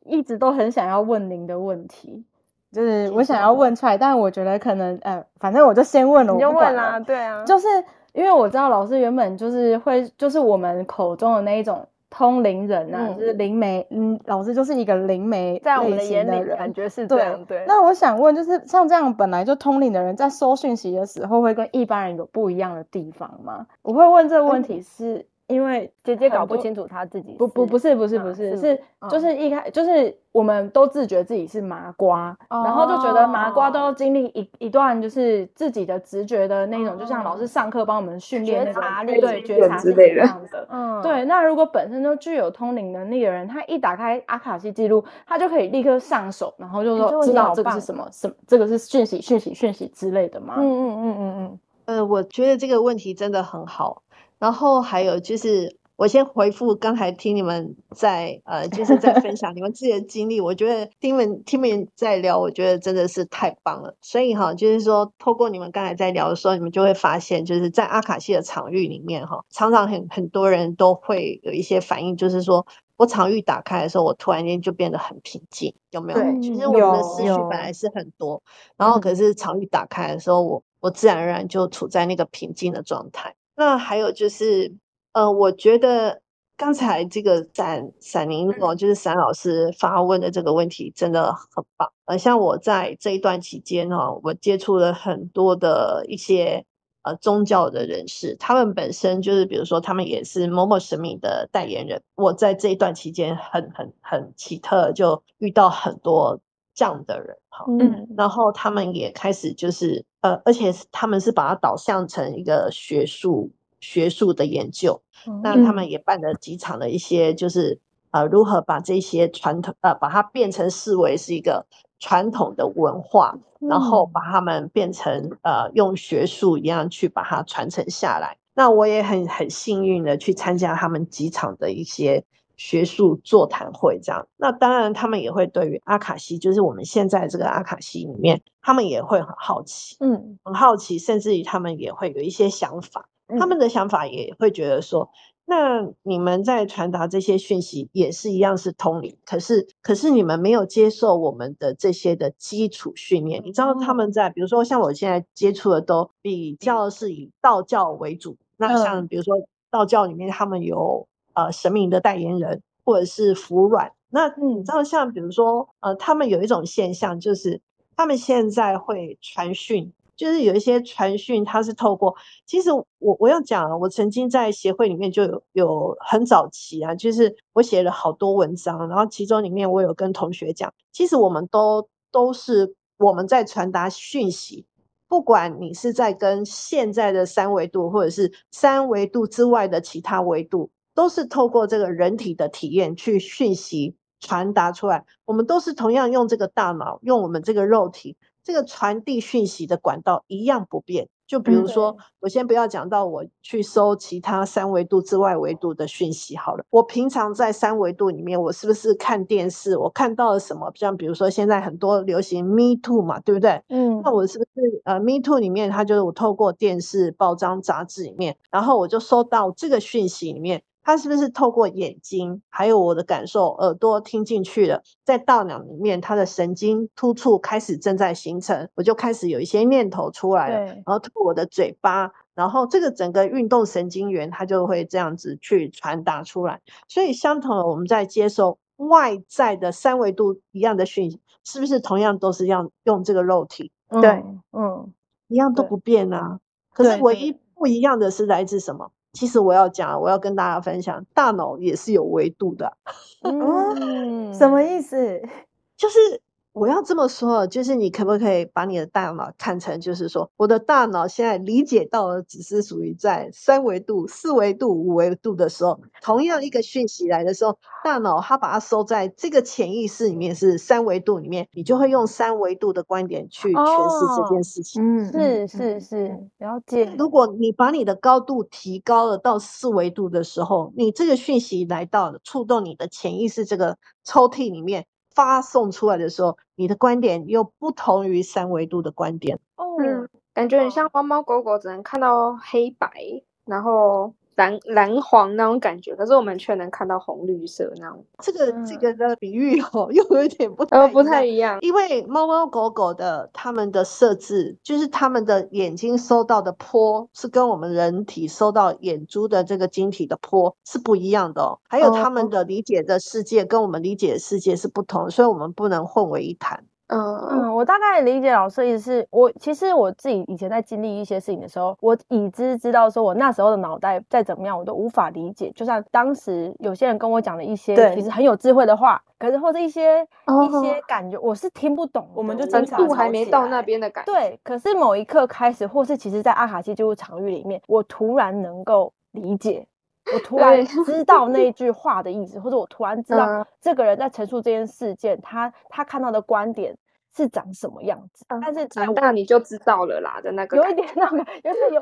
一直都很想要問您的問題，就是我想要問出來，但是我覺得可能呃，反正我就先問了，我就問啦、啊，對啊，就是因為我知道老師原本就是會，就是我們口中的那一種通靈人吶、啊，嗯、就是靈媒，嗯，老師就是一個靈媒，在我們的眼裡的感覺是這樣。對，對那我想問，就是像這樣本來就通靈的人，在收訊息的時候，會跟一般人有不一樣的地方嗎？我會問這個問題是。嗯因為姐姐搞不清楚她自己，不不不是不是不是是就是一開就是我們都自覺自己是麻瓜，然後就覺得麻瓜都要經歷一一段就是自己的直覺的那種，就像老師上課幫我們訓練覺察力，對覺察之類的。嗯，對。那如果本身就具有通靈能力的人，他一打開阿卡西記錄，他就可以立刻上手，然後就說知道這個是什麼什麼，這個是訊息訊息訊息之類的嘛，嗯嗯嗯嗯嗯。呃，我覺得這個問題真的很好。然後還有就是，我先回復剛才聽你們在呃，就是在分享你們自己的經歷。 我覺得聽你們聽你們在聊，我覺得真的是太棒了。所以哈，就是說，透過你們剛才在聊的時候，你們就會發現，就是在阿卡西的場域裡面哈，常常很很多人都會有一些反應，就是說我場域打開的時候，我突然間就變得很平靜，有沒有？對其實我們的思緒本來是很多，然後可是場域打開的時候，我我自然而然就處在那個平靜的狀態。那還有就是，呃，我覺得剛才這個閃閃妮哦，就是閃老師發問的這個問題，真的很棒。呃，像我在這一段期間哦，我接觸了很多的一些呃宗教的人士，他們本身就是，比如說他們也是某某神明的代言人。我在這一段期間很很很奇特，就遇到很多。這樣的人哈，嗯、然後他們也開始就是呃，而且他們是把它導向成一個學術學術的研究。嗯、那他們也辦了幾場的一些，就是呃，如何把這些傳統呃把它變成視為是一個傳統的文化，嗯、然後把他們變成呃用學術一樣去把它傳承下來。那我也很很幸運的去參加他們幾場的一些，學術座談會這樣，那當然他們也會對於阿卡西，就是我們現在這個阿卡西裡面，他們也會很好奇，嗯，很好奇，甚至於他們也會有一些想法。嗯、他們的想法也會覺得說，那你們在傳達這些訊息也是一樣是通靈，可是可是你們沒有接受我們的這些的基礎訓練。嗯、你知道他們在，比如說像我現在接觸的都比較是以道教為主，嗯、那像比如說道教裡面，他們有。呃，神明的代言人，或者是服軟。那你知道，像比如說，呃，他們有一種現象，就是他們現在會傳訊，就是有一些傳訊，它是透過。其實我我要講了啊，我曾經在協會裡面就有有很早期啊，就是我寫了好多文章，然後其中裡面我有跟同學講，其實我們都都是我們在傳達訊息，不管你是在跟現在的三維度，或者是三維度之外的其他維度。都是透過這個人體的體驗去訊息傳達出來。我們都是同樣用這個大腦，用我們這個肉體，這個傳遞訊息的管道一樣不變。就比如說，我先不要講到我去搜其他三維度之外維度的訊息好了。我平常在三維度裡面，我是不是看電視？我看到了什麼？像比如說，現在很多流行 Me Too 嘛，對不對？嗯。那我是不是呃 Me Too 裡面，它就是我透過電視、報章、雜誌裡面，然後我就收到這個訊息裡面。它是不是透過眼睛，還有我的感受，耳朵聽進去了，在大腦裡面，它的神經突觸開始正在形成，我就開始有一些念頭出來了，對然後通過我的嘴巴，然後這個整個運動神經元，它就會這樣子去傳達出來。所以，相同的，我們在接受外在的三維度一樣的訊息，是不是同樣都是要用這個肉體？嗯、對，嗯，一樣都不變啊。對可是，唯一不一樣的是來自什麼？其實我要講，我要跟大家分享，大腦也是有維度的。嗯， 什麼意思？就是。我要這麼說，就是你可不可以把你的大腦看成，就是說，我的大腦現在理解到的只是屬於在三維度、四維度、五維度的時候，同樣一個訊息來的時候，大腦它把它收在這個潛意識裡面是三維度裡面，你就會用三維度的觀點去詮釋這件事情。哦、嗯，是是是，了解。如果你把你的高度提高了到四維度的時候，你這個訊息來到了觸動你的潛意識這個抽屜裡面。發送出來的時候，你的觀點又不同於三維度的觀點哦，嗯，感覺很像貓貓狗狗只能看到黑白，然後。藍藍黃那種感覺，可是我們卻能看到紅綠色那種。這個這個的比喻哦，又有點不太不太一樣。嗯哦、不太一樣，因為貓貓狗狗的它們的設置，就是它們的眼睛收到的波，是跟我們人體收到眼珠的這個晶體的波是不一樣的、哦、還有它們的理解的世界、哦、跟我們理解的世界是不同的，所以我們不能混為一談。嗯、uh, 嗯，我大概理解老師的意思是我其實我自己以前在經歷一些事情的時候，我已知知道說，我那時候的腦袋再怎麼樣，我都無法理解。就像當時有些人跟我講的一些其實很有智慧的話，對可是或者一些，uh huh. 一些感覺，我是聽不懂。Uh huh. 我們就經常還沒到那邊的感覺。對，可是某一刻開始，或是其實，在阿卡西記錄場域裡面，我突然能夠理解。我突然知道那一句話的意思， 或者我突然知道這個人在陳述這件事件， 嗯、他他看到的觀點是長什麼樣子。嗯、但是長大，啊、你就知道了啦的那個有那，有一點那個，就是有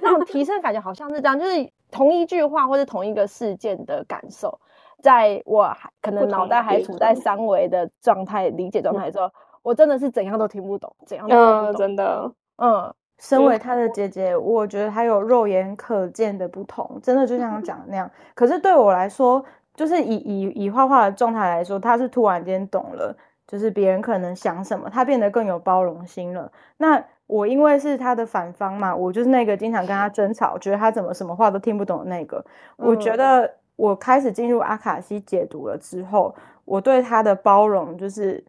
那種提升的感覺，好像是這樣，就是同一句話或者同一個事件的感受，在我還可能腦袋還處在三維的狀態理解狀態的時候，我真的是怎樣都聽不懂，嗯、怎樣都聽不懂，真的，嗯。身為他的姐姐，我覺得他有肉眼可見的不同，真的就像他講的那樣。可是對我來說，就是以以以畫畫的狀態來說，他是突然間懂了，就是別人可能想什麼，他變得更有包容心了。那我因為是他的反方嘛，我就是那個經常跟他爭吵，覺得他怎麼什麼話都聽不懂的那個。我覺得我開始進入阿卡西解讀了之後，我對他的包容就是。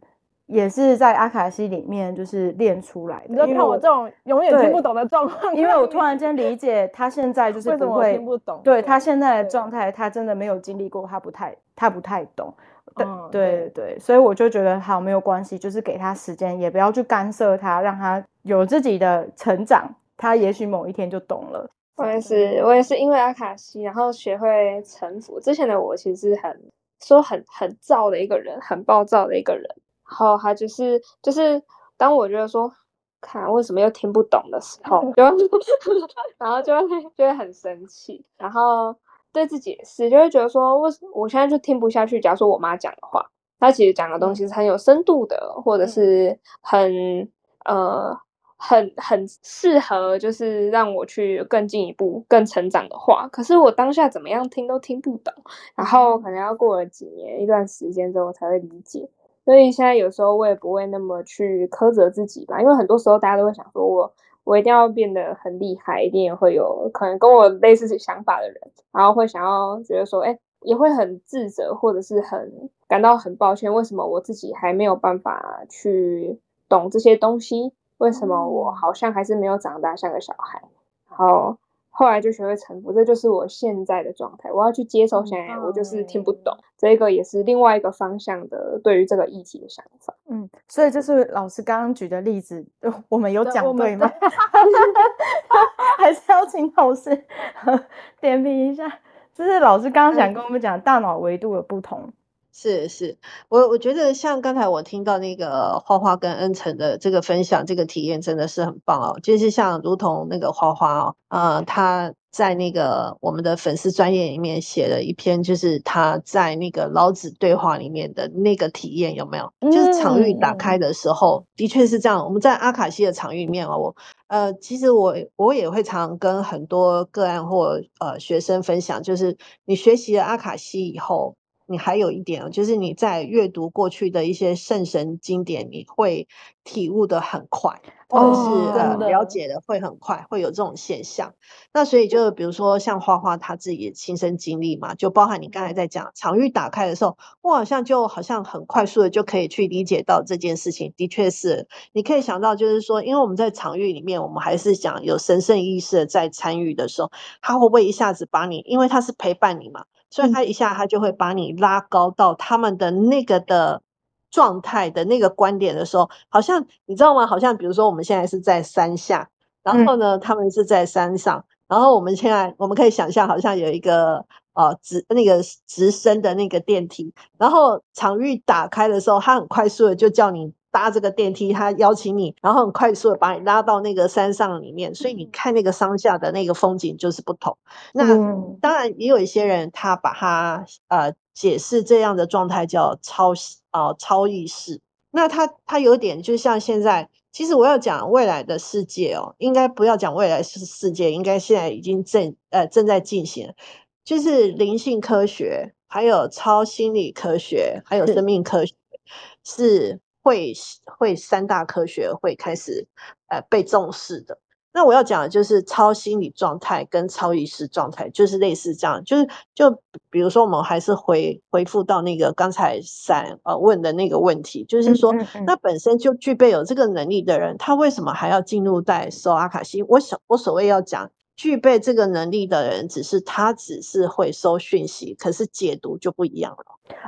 也是在阿卡西裡面，就是練出來的。你知道，看我這種永遠聽不懂的狀況，因為，因為我突然間理解他現在就是會為什麼聽不懂。對，對，對他現在的狀態，對他真的沒有經歷過，他不太他不太懂。對，嗯、對對對，所以我就覺得好沒有關係，就是給他時間，也不要去干涉他，讓他有自己的成長。他也許某一天就懂了。我也是，嗯、我也是因為阿卡西，然後學會臣服。之前的我其實很說很很躁的一個人，很暴躁的一個人。然後，他就是就是，當我覺得說，看為什麼又聽不懂的時候，就 然後就會就會很生氣，然後對自己也是，就會覺得說，我我現在就聽不下去。假如說我媽講的話，她其實講的東西是很有深度的，嗯、或者是很呃很很適合，就是讓我去更進一步、更成長的話。可是我當下怎麼樣聽都聽不懂，然後可能要過了幾年、一段時間之後，才會理解。所以現在有時候我也不會那麼去苛責自己吧，因為很多時候大家都會想說我，我我一定要變得很厲害，一定也會有可能跟我類似想法的人，然後會想要覺得說，哎、欸，也會很自責或者是很感到很抱歉，為什麼我自己還沒有辦法去懂這些東西？為什麼我好像還是沒有長大像個小孩？然後。後來就學會臣服這就是我現在的狀態。我要去接受，現在、嗯、我就是聽不懂，嗯、這個也是另外一個方向的對於這個議題的想法。嗯，所以這是老師剛剛舉的例子，我們有講對嗎？嗯、對 還是要請老師點評一下？就是老師剛剛想跟我們講，嗯、大腦維度有不同。是是，我我覺得像剛才我聽到那個花花跟恩辰的這個分享，這個體驗真的是很棒哦。就是像如同那個花花哦，啊、呃，他在那個我們的粉絲專頁裡面寫了一篇，就是他在那個老子對話裡面的那個體驗有沒有？就是場域打開的時候，嗯、的確是這樣。我們在阿卡西的場域裡面哦，我呃，其實我我也會常跟很多個案或呃學生分享，就是你學習了阿卡西以後。你還有一點哦，就是你在閱讀過去的一些聖神經典，你會體悟的很快，或者是呃、哦、了解的會很快，會有這種現象。那所以就比如說像花花她自己的親身經歷嘛，就包含你剛才在講場域打開的時候，我好像就好像很快速的就可以去理解到這件事情，的確是你可以想到，就是說，因為我們在場域裡面，我們還是講有神聖意識的在參與的時候，他會不會一下子把你，因為他是陪伴你嘛。所以他一下，他就會把你拉高到他們的那個的狀態的那個觀點的時候，好像你知道嗎？好像比如說我們現在是在山下，然後呢，他們是在山上，然後我們現在我們可以想象，好像有一個哦、呃、直那個直升的那個電梯，然後場域打開的時候，他很快速的就叫你。搭這個電梯，他邀請你，然後很快速的把你拉到那個山上裡面，所以你看那個山下的那個風景就是不同。嗯、那當然也有一些人，他把它呃解釋這樣的狀態叫超啊、呃、超意識。那他他有點就像現在，其實我要講未來的世界哦，應該不要講未來世世界，應該現在已經正呃正在進行了，就是靈性科學，還有超心理科學，還有生命科學是。是會會三大科學會開始呃被重視的。那我要講的就是超心理狀態跟超意識狀態，就是類似這樣。就是就比如說，我們還是回回復到那個剛才閃呃問的那個問題，就是說，嗯嗯嗯、那本身就具備有這個能力的人，他為什麼還要進入在搜阿卡西？我想我所謂要講。具備這個能力的人，只是他只是會收訊息，可是解讀就不一樣了，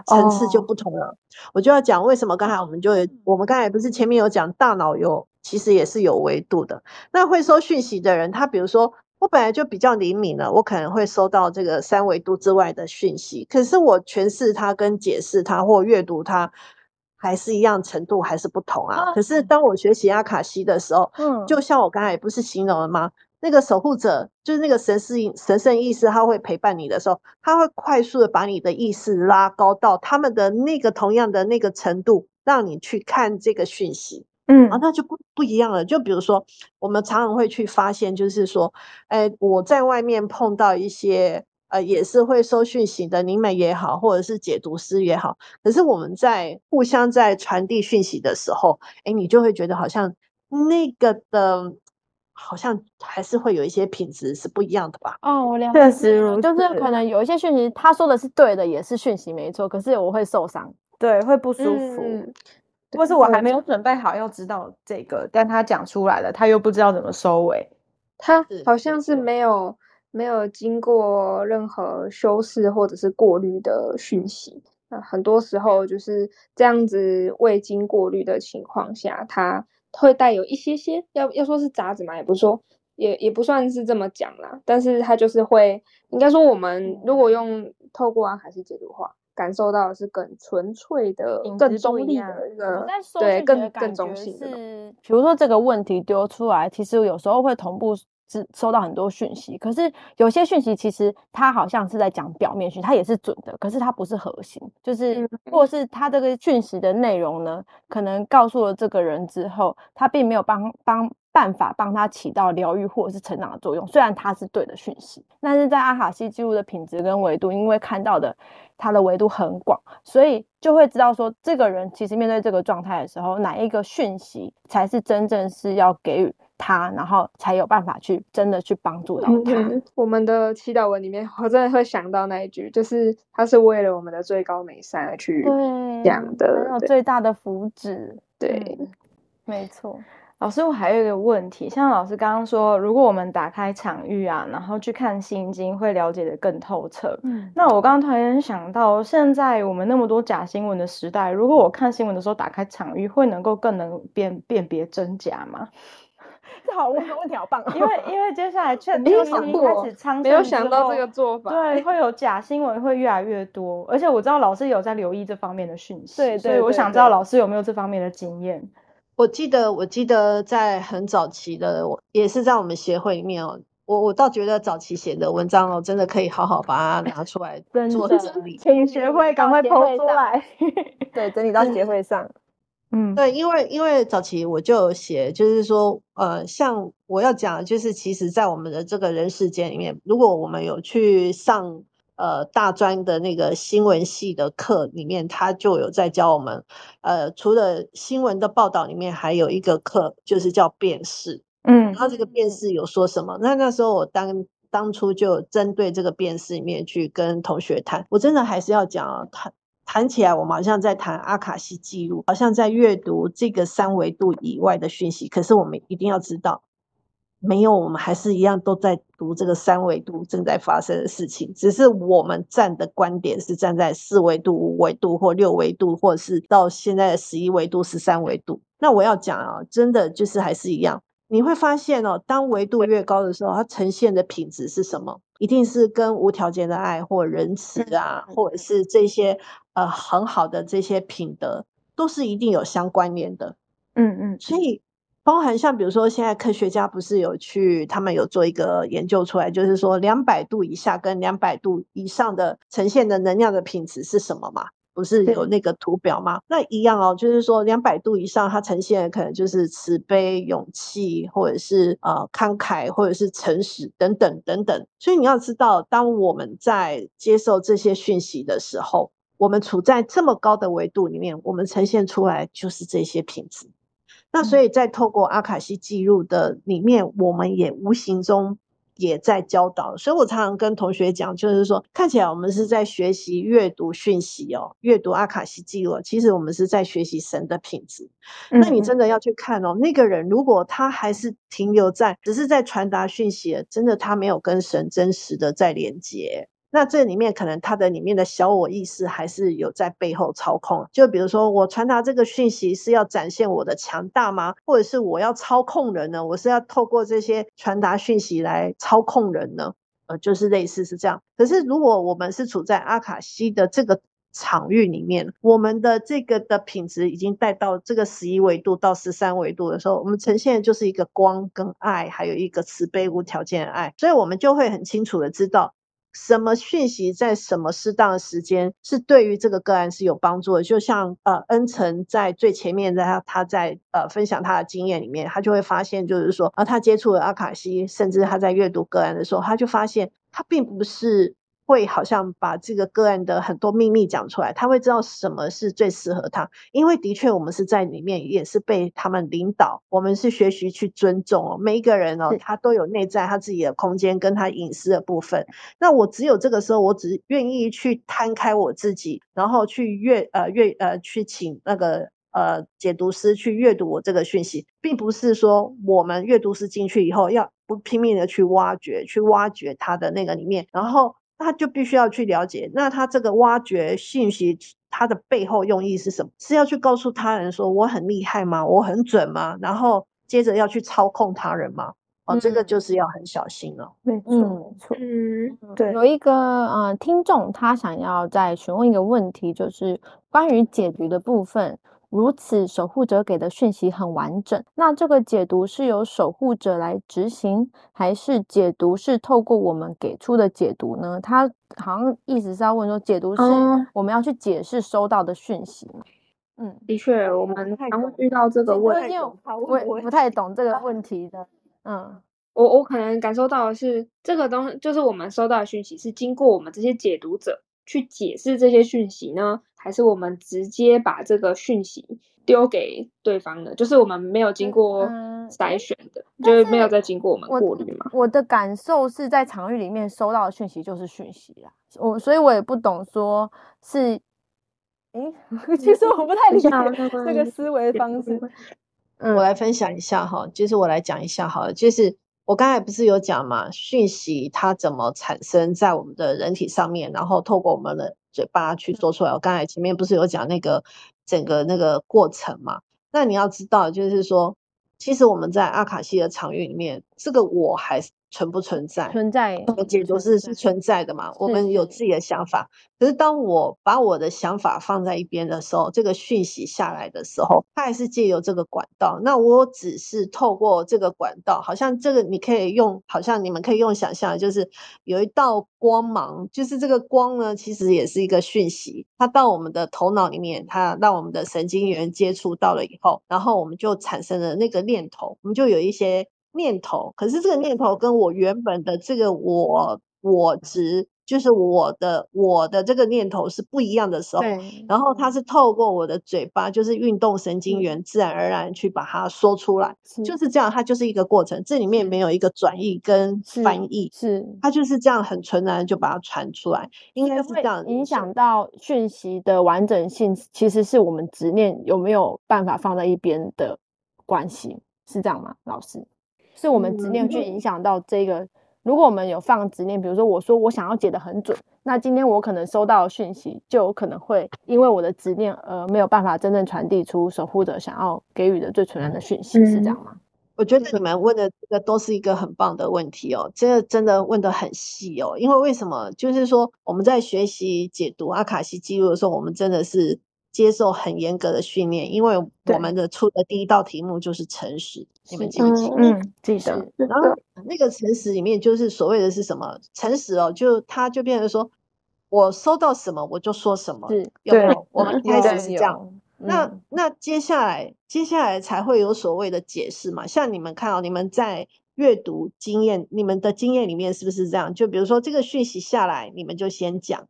層次就不同了。Oh. 我就要講為什麼？剛才我們就我們剛才不是前面有講，大腦有其實也是有維度的。那會收訊息的人，他比如說我本來就比較靈敏了，我可能會收到這個三維度之外的訊息，可是我詮釋它、跟解釋它或閱讀它，還是一樣程度還是不同啊。Oh. 可是當我學習阿卡西的時候，就像我剛才不是形容了嗎？Oh. 那個守護者就是那個神思神聖意識，他會陪伴你的時候，他會快速地把你的意識拉高到他們的那個同樣的那個程度，讓你去看這個訊息。嗯啊，那就不不一樣了。就比如說，我們常常會去發現，就是說，哎、欸，我在外面碰到一些呃，也是會收訊息的靈媒也好，或者是解讀師也好。可是我們在互相在傳遞訊息的時候，哎、欸，你就會覺得好像那個的。好像還是會有一些品質是不一樣的吧？哦，我了解，就是可能有一些訊息，他說的是對的，也是訊息沒錯，可是我會受傷，對，會不舒服，嗯，或是我還沒有準備好要講知道這個，但他講出來了，他又不知道怎麼收尾，他好像是沒有是對沒有經過任何修飾或者是過濾的訊息。那很多時候就是這樣子未經過濾的情況下，他。會帶有一些些，要要說是雜質嘛，也不是說，也也不算是這麼講啦。但是它就是會，應該說我們如果用透過啊還是解讀化，感受到的是更純粹的、更中立的一個，對，更更中性的。比如說這個問題丟出來，其實有時候會同步。只收到很多訊息，可是有些訊息其實它好像是在講表面訊息，它也是準的，可是它不是核心，就是或是它這個訊息的內容呢，可能告訴了這個人之後，他並沒有幫幫辦法幫他起到療癒或者是成長的作用。雖然它是對的訊息，但是在阿卡西記錄的品質跟維度，因為看到的它的維度很廣，所以就會知道說，這個人其實面對這個狀態的時候，哪一個訊息才是真正是要給予。他，然後才有辦法去真的去幫助到他，嗯。我們的祈禱文裡面，我真的會想到那一句，就是他是為了我們的最高美善而去講的，對對最大的福祉。對，嗯，沒錯。老師，我還有一個問題，像老師剛剛說，如果我們打開場域啊，然後去看心經，會了解得更透徹。嗯，那我剛剛突然想到，現在我們那麼多假新聞的時代，如果我看新聞的時候打開場域，會能夠更能辨辨別真假嗎？這好，問個問題好棒。 因為因為接下來確實，因為沒有想過，沒有想到這個做法，對，會有假新聞會越來越多。 而且我知道老師有在留意這方面的訊息， 對對，所以對對，我想知道老師有沒有這方面的經驗。我記得我記得在很早期的，我也是在我們協會裡面哦。我我倒覺得早期寫的文章哦，真的可以好好把它拿出來做整理， 請協會趕快 Po 出來，對，整理到協會上。 嗯，對，因為因為早期我就有寫，就是說，呃，像我要講，就是其實在我們的這個人世間裡面，如果我們有去上呃大專的那個新聞系的課裡面，他就有在教我們，呃，除了新聞的報道裡面，還有一個課就是叫辨識，嗯，然後這個辨識有說什麼？那那時候我當當初就針對這個辨識裡面去跟同學談，我真的還是要講啊，談起來，我們好像在談阿卡西記錄，好像在閱讀這個三維度以外的訊息。可是我們一定要知道，沒有我們還是一樣都在讀這個三維度正在發生的事情。只是我們站的觀點是站在四維度、五維度或六維度，或者是到現在的十一維度、十三維度。那我要講啊，真的就是還是一樣。你會發現哦、喔，當維度越高的時候，它呈現的品質是什麼？一定是跟無條件的愛或者仁慈啊，嗯、或者是這些。呃，很好的這些品德都是一定有相關聯的，嗯嗯，所以包含像比如說，現在科學家不是有去他們有做一個研究出來，就是說兩百度以下跟兩百度以上的呈現的能量的品質是什麼嘛？不是有那個圖表嗎？對那一樣哦，就是說兩百度以上它呈現的可能就是慈悲、勇氣，或者是呃慷慨，或者是誠實等等等等。所以你要知道，當我們在接受這些訊息的時候，我們處在這麼高的維度裡面，我們呈現出來就是這些品質。那所以，在透過阿卡西記錄的裡面，我們也無形中也在教導。所以我常常跟同學講，就是說，看起來我們是在學習閱讀訊息哦，閱讀阿卡西記錄，其實我們是在學習神的品質。那你真的要去看哦，嗯哼。那個人如果他還是停留在只是在傳達訊息，真的他沒有跟神真實的在連接。那這裡面可能它的裡面的小我意識還是有在背後操控。就比如說，我傳達這個訊息是要展現我的強大嗎？或者是我要操控人呢？我是要透過這些傳達訊息來操控人呢？呃，就是類似是這樣。可是，如果我們是處在阿卡西的這個場域裡面，我們的這個的品質已經帶到這個十一維度到十三維度的時候，我們呈現的就是一個光跟愛，還有一個慈悲無條件的愛，所以我們就會很清楚的知道。什麼訊息在什麼適當的時間是對於這個個案是有幫助的？就像呃恩辰在最前面的他在，他他在呃分享他的經驗裡面，他就會發現，就是說，而他接觸了阿卡西，甚至他在閱讀個案的時候，他就發現他並不是。會好像把這個個案的很多秘密講出來，他會知道什麼是最適合他。因為的確我們是在裡面，也是被他們領導，我們是學習去尊重哦，每一個人哦，他都有內在他自己的空間跟他隱私的部分。是那我只有這個時候，我只願意去攤開我自己，然後去閱呃閱呃去請那個呃解讀師去閱讀我這個訊息，並不是說我們閱讀師進去以後要不拼命的去挖掘，去挖掘他的那個裡面，然後。他就必須要去了解，那他這個挖掘信息，他的背後用意是什麼？是要去告訴他人說我很厲害嗎？我很準嗎？然後接着要去操控他人嗎？嗯，哦，這個就是要很小心了喔。沒錯，沒錯，嗯，對。有一個，呃，聽眾他想要再詢問一個問題，就是關於解決的部分。如此，守護者給的訊息很完整。那這個解讀是由守護者來執行，還是解讀是透過我們給出的解讀呢？他好像意思是要問說，解讀是我們要去解釋收到的訊息。嗯，的確，我們常會遇到這個問題。嗯，我我不太懂這個問題的。嗯，我我可能感受到的是，這個東就是我們收到的訊息是經過我們這些解讀者。去解釋這些訊息呢，還是我們直接把這個訊息丟給對方呢？就是我們沒有經過篩選的，嗯、就沒有再經過我們過濾嘛？我的感受是在場域裡面收到的訊息就是訊息啦，我所以我也不懂說，是，哎、欸，其實我不太理解這個思維方式。 我來分享一下哈，就是我來講一下好了，就是。我剛才不是有講嘛，訊息它怎麼產生在我們的人體上面，然後透過我們的嘴巴去說出來。我剛才前面不是有講那個整個那個過程嘛？那你要知道，就是說，其實我們在阿卡西的場域裡面，這個我還是。存不存在？存在。我們解讀是對對對，是存在的嘛？我們有自己的想法。對對對，可是當我把我的想法放在一邊的時候，這個訊息下來的時候，它還是借由這個管道。那我只是透過這個管道，好像這個你可以用，好像你們可以用想象，就是有一道光芒，就是這個光呢，其實也是一個訊息。它到我們的頭腦裡面，它讓我們的神經元接觸到了以後，然後我們就產生了那個念頭，我們就有一些。念頭，可是這個念頭跟我原本的這個我、嗯、我執，就是我的我的這個念頭是不一樣的時候，對然後它是透過我的嘴巴，嗯、就是運動神經元、嗯、自然而然去把它說出來，是就是這樣，它就是一個過程，是這裡面沒有一個轉譯跟翻譯，是它就是這樣很純然就把它傳出來，是應該就是這樣影響到訊息的完整性，其實是我們執念有沒有辦法放在一邊的關係，是這樣嗎，老師？是我們執念去影響到這個，如果我們有放執念，比如說我說我想要解得很準，那今天我可能收到的訊息就有可能會因為我的執念，呃，沒有辦法真正傳遞出守護者想要給予的最純然的訊息，是這樣嗎？嗯，我覺得你們問的這個都是一個很棒的問題哦，這個真的問得很細哦，因為為什麼？就是說我們在學習解讀阿卡西記錄的時候，我們真的是。接受很嚴格的訓練，因為我們的出的第一道題目就是誠實，對你們記不記得？嗯，記得。然後那個誠實裡面就是所謂的是什麼誠實哦，就它就變成說，我收到什麼我就說什麼，對是有沒有？對我們一開始是這樣。嗯、那那接下來接下來才會有所謂的解釋嘛？像你們看哦，你們在閱讀經驗，你們的經驗裡面是不是這樣？就比如說這個訊息下來，你們就先講，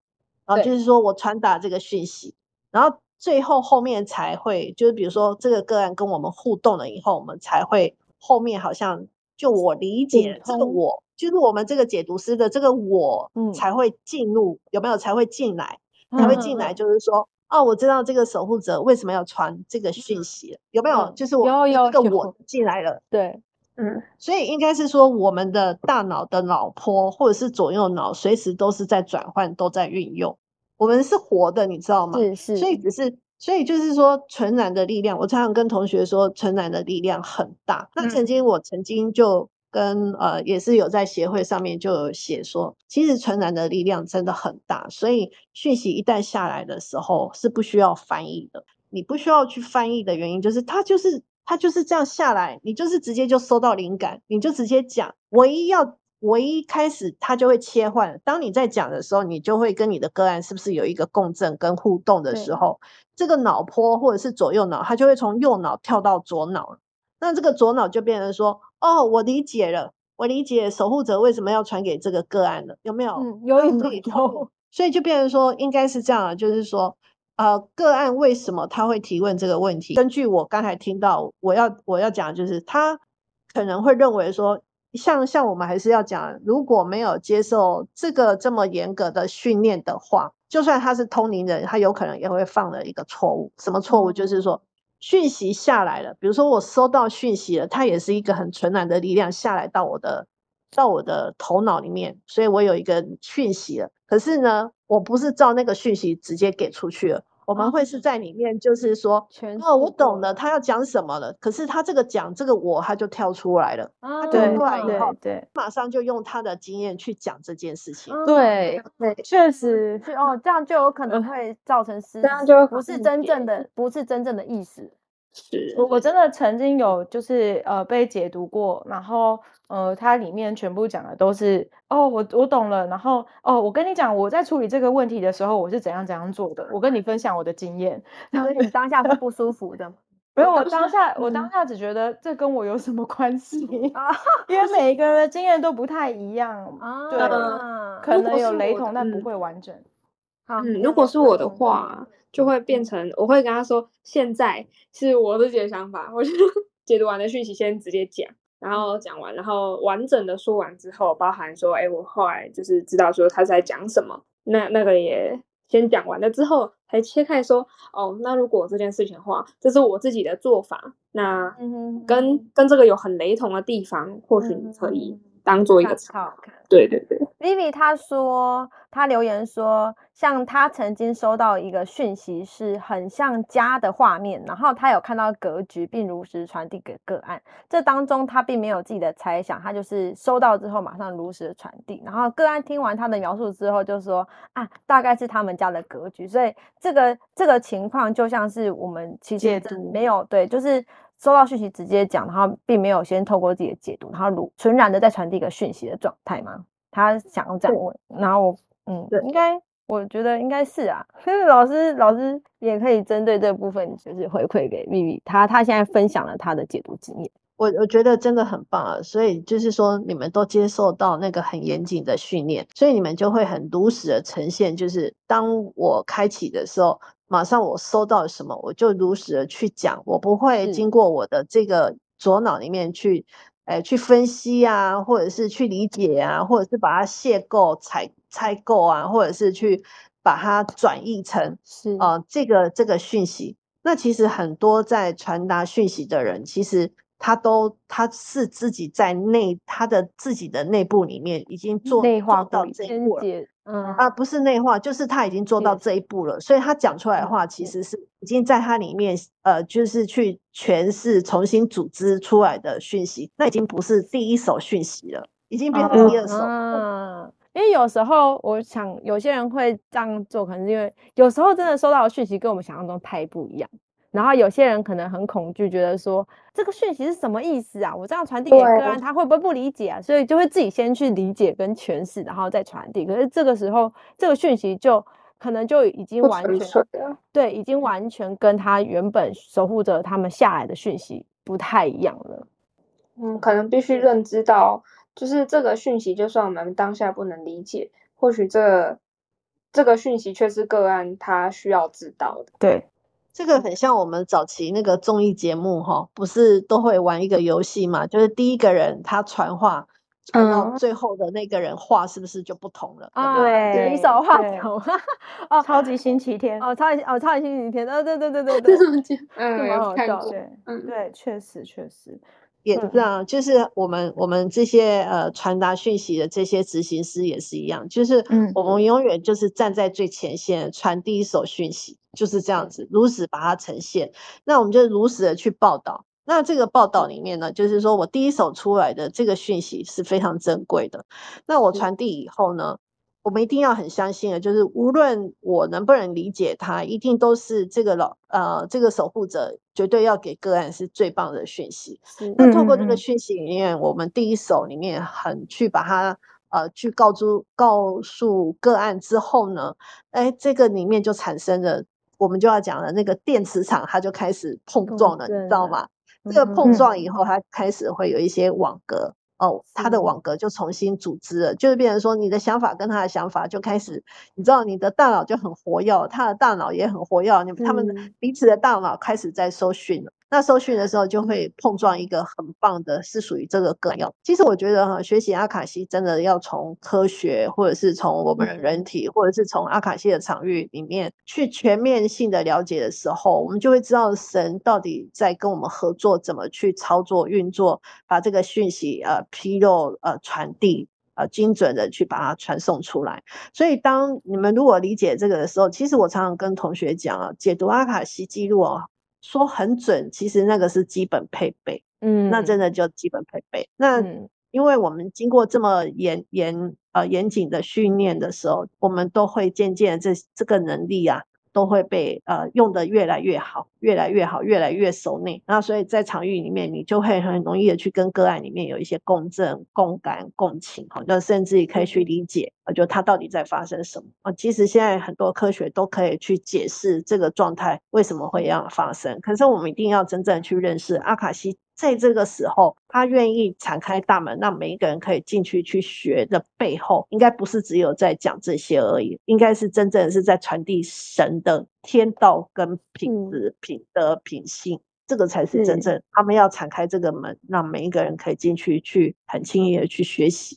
然後就是說我傳達這個訊息，對然後。最後後面才會，就是比如說這個個案跟我們互動了以後，我們才會後面好像就我理解這個我通就是我們這個解讀師的這個我，嗯有有，才會進入有沒有才會進來才會進來，就是說哦、嗯啊，我知道這個守護者為什麼要傳這個訊息，嗯、有沒有？嗯、就是我一個我進來了，對，嗯，所以應該是說我們的大腦的腦波或者是左右腦隨時都是在轉換，都在運用。我們是活的，你知道嗎？是是，是所以只是，所以就是說，純然的力量。我常常跟同學說，純然的力量很大。那曾經、嗯、我曾經就跟呃，也是有在協會上面就有寫說，其實純然的力量真的很大。所以訊息一旦下來的時候，是不需要翻譯的。你不需要去翻譯的原因，就是它就是它就是這樣下來，你就是直接就收到靈感，你就直接講。唯一要我一開始他就會切換。當你在講的時候，你就會跟你的個案是不是有一個共振跟互動的時候，對這個腦波或者是左右腦，它就會從右腦跳到左腦。那這個左腦就變成說：“哦，我理解了，我理解守護者為什麼要傳給這個個案了，有沒有、嗯？”有點頭。所以就變成說，應該是這樣了，就是說，呃，個案為什麼他會提問這個問題？根據我剛才聽到，我要我要講的就是，他可能會認為說。像像我們還是要講，如果沒有接受這個這麼嚴格的訓練的話，就算他是通靈人，他有可能也會犯了一個錯誤。什麼錯誤？就是說，訊息下來了，比如說我收到訊息了，它也是一個很純然的力量下來到我的，到我的頭腦裡面，所以我有一個訊息了。可是呢，我不是照那個訊息直接給出去了。我們會是在裡面，就是說，啊、哦，我懂了，他要講什麼了。可是他這個講這個我，他就跳出來了。啊，對對對，對對，馬上就用他的經驗去講這件事情。嗯、對，對嗯、確實是、嗯、哦，這樣就有可能會造成失誤，這樣就不是真正的，不是真正的意思。我是我真的曾經有就是呃被解讀過，然後呃它裡面全部講的都是哦，我我懂了，然後哦，我跟你講我在處理這個問題的時候，我是怎樣怎樣做的，我跟你分享我的經驗，然後是你當下會不舒服的， 沒有我當下我當下只覺得這跟我有什麼關係？ 因為每一個人的經驗都不太一樣 啊，對，可能有雷同、嗯、但不會完整。好、嗯，啊、如果是我的話。嗯就會變成，我會跟他說，現在是我自己的想法，我就解讀完的訊息先直接講，然後講完，然後完整的說完之後，包含說，哎，我後來就是知道說他在講什麼，那那個也先講完了之後，才切開說，哦，那如果這件事情的話，這是我自己的做法，那跟嗯嗯跟這個有很雷同的地方，或許你可以。當做一個，Okay. 對對對，Vivi 他說，他留言說，像他曾經收到一個訊息，是很像家的畫面，然後他有看到格局，並如實傳遞給個案。這當中他並沒有自己的猜想，他就是收到之後馬上如實傳遞。然後個案聽完他的描述之後，就說啊，大概是他們家的格局。所以這個這個情況就像是我們其實沒有對，對，就是。收到訊息直接講，然後並沒有先透過自己的解讀，然後如純然的在傳遞一個訊息的狀態嗎？他想要這樣問，對然後嗯，對應該我覺得應該是啊，所以老師老師也可以針對這部分就是回饋給咪咪，他他現在分享了他的解讀經驗。我我覺得真的很棒啊，所以就是說你們都接受到那個很嚴謹的訓練，所以你們就會很如實的呈現。就是當我開啟的時候，馬上我收到什麼，我就如實的去講，我不會經過我的這個左腦裡面去，哎是、欸，去分析啊，或者是去理解啊，或者是把它解構、拆、拆構啊，或者是去把它轉譯成是啊、呃、這個這個訊息。那其實很多在傳達訊息的人，其實。他都，他是自己在內，他的自己的內部裡面已經做內化，做到這一步了，嗯、啊，不是內化，就是他已經做到這一步了。嗯、所以，他講出來的話，其實是已經在他裡面，嗯、呃，就是去詮釋、重新組織出來的訊息，那已經不是第一手訊息了，已經變成第二手了、嗯嗯啊。因為有時候，我想有些人會這樣做，可能因為有時候真的收到的訊息跟我們想象中太不一樣。然後有些人可能很恐懼，覺得說這個訊息是什麼意思啊？我這樣傳遞給個案，他會不會不理解啊？對所以就會自己先去理解跟詮釋，然後再傳遞。可是這個時候，這個訊息就可能就已經完全純純，對，已經完全跟他原本守護着他們下來的訊息不太一樣了。嗯，可能必須認知到，就是這個訊息，就算我們當下不能理解，或許這個、這個訊息卻是個案他需要知道的。對。這個很像我們早期那個綜藝節目哈，不是都會玩一個遊戲嘛？就是第一個人他傳話，傳、嗯、到最後的那個人話是不是就不同了？啊、欸，對，一手話筒。哦，超級星期天哦，超級哦，超級星期天啊，對對對對對，這種節目，嗯，蠻好笑的。嗯對，對，確實確實也是這樣，就是我們我們這些呃傳達訊息的這些執行師也是一樣，就是我們永遠就是站在最前線傳第一手訊息。就是這樣子，如實把它呈現。那我們就如實的去報道。那這個報道裡面呢，就是說我第一手出來的這個訊息是非常珍貴的。那我傳遞以後呢，嗯、我們一定要很相信的，就是無論我能不能理解他，一定都是這個老呃這個守護者絕對要給個案是最棒的訊息。嗯、那透過這個訊息裡面，我們第一手裡面很去把它呃去告訴告訴個案之後呢，哎、欸，這個裡面就產生了。我們就要講了，那個電磁場它就開始碰撞了，哦、對了，你知道嗎？這個碰撞以後，它開始會有一些網格、嗯、哼哦，它的網格就重新組織了，是的就是變成說，你的想法跟他的想法就開始，你知道，你的大腦就很活躍，他的大腦也很活躍，你他們彼此的大腦開始在搜尋了。嗯那受訓的時候就會碰撞一個很棒的，是屬於這個個案。其實我覺得哈，學習阿卡西真的要從科學，或者是從我們的人體，或者是從阿卡西的場域裡面去全面性的了解的時候，我們就會知道神到底在跟我們合作，怎麼去操作運作，把這個訊息呃披露呃傳遞呃精準的去把它傳送出來。所以當你們如果理解這個的時候，其實我常常跟同學講啊，解讀阿卡西記錄啊。說很準，其實那個是基本配備，嗯，那真的就基本配備。那因為我們經過這麼嚴嚴呃嚴謹的訓練的時候，我們都會漸漸的這這個能力啊。都會被呃用得越來越好，越來越好，越來越熟練。那所以在場域裡面，你就會很容易的去跟個案裡面有一些共振、共感、共情，那甚至也可以去理解啊，就它到底在發生什麼啊。其實現在很多科學都可以去解釋這個狀態為什麼會要發生。可是我們一定要真正去認識阿卡西。在這個時候，他願意敞開大門，讓每一個人可以進去去學的背後，應該不是只有在講這些而已，應該是真正是在傳遞神的天道跟品質、品德、品性，嗯，這個才是真正，嗯，他們要敞開這個門，讓每一個人可以進去去很輕易的去學習。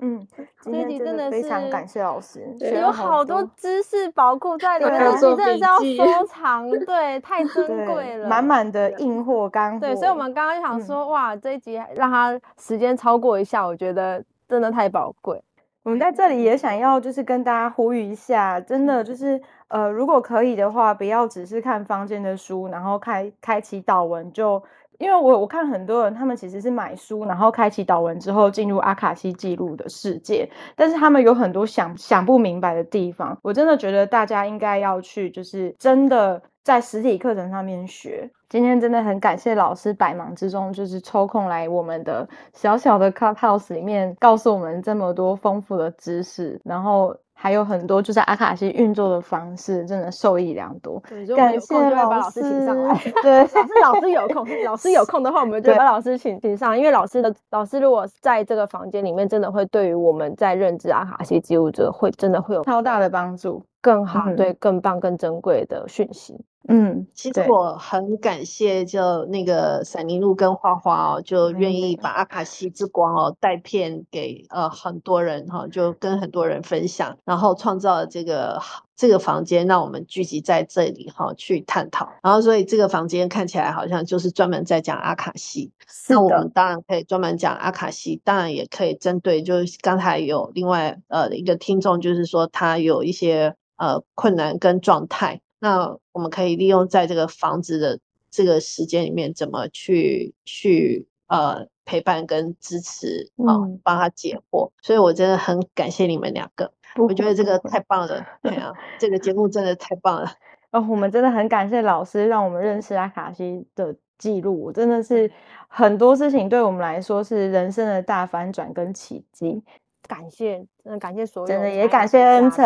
嗯，這一集真的是非常感謝老師，有好多知識寶庫在裡面，對真的是要收藏， 對，太珍貴了，滿滿的硬貨乾貨。對，所以我們剛剛就想說，嗯、哇，這一集讓他時間超過一下，我覺得真的太寶貴。我們在這裡也想要就是跟大家呼籲一下，真的就是呃，如果可以的話，不要只是看房間的書，然後開開啟禱文就。因為我我看很多人，他們其實是買書，然後開啟導文之後進入阿卡西記錄的世界，但是他們有很多想想不明白的地方。我真的覺得大家應該要去，就是真的在實體課程上面學。今天真的很感謝老師百忙之中，就是抽空來我們的小小的 Clubhouse 裡面，告訴我們這麼多豐富的知識，然後。還有很多，就是阿卡西運作的方式，真的受益良多。對，就有空就會把老師請上來。老師對老師老師，老師有空， 是老師有空的話，我們就把老師請對請上。因為老師的老師，如果在這個房間裡面，真的會對於我們在認知阿卡西記錄者會，會真的會有超大的幫助，更好、嗯、對，更棒、更珍貴的訊息。嗯，其實我很感謝，就那個閃妮露跟花花哦，就願意把阿卡西之光哦、喔、帶片給呃很多人哈，就跟很多人分享，然後創造了這個這個房間，讓我們聚集在這裡哈去探討。然後所以這個房間看起來好像就是專門在講阿卡西，是的 那我們當然可以專門講阿卡西，當然也可以針對，就是剛才有另外呃一個聽眾，就是說他有一些呃困難跟狀態。那我們可以利用在這個房子的這個時間裡面，怎麼去去呃陪伴跟支持啊，幫、呃嗯、他解惑。所以我真的很感謝你們兩個，不會不會，我覺得這個太棒了，對啊， 這個節目真的太棒了。 哦，我們真的很感謝老師，讓我們認識阿卡西的記錄。真的是很多事情對我們來說是人生的大翻轉跟奇蹟。感謝，真的感謝所有人，真的也感謝恩辰，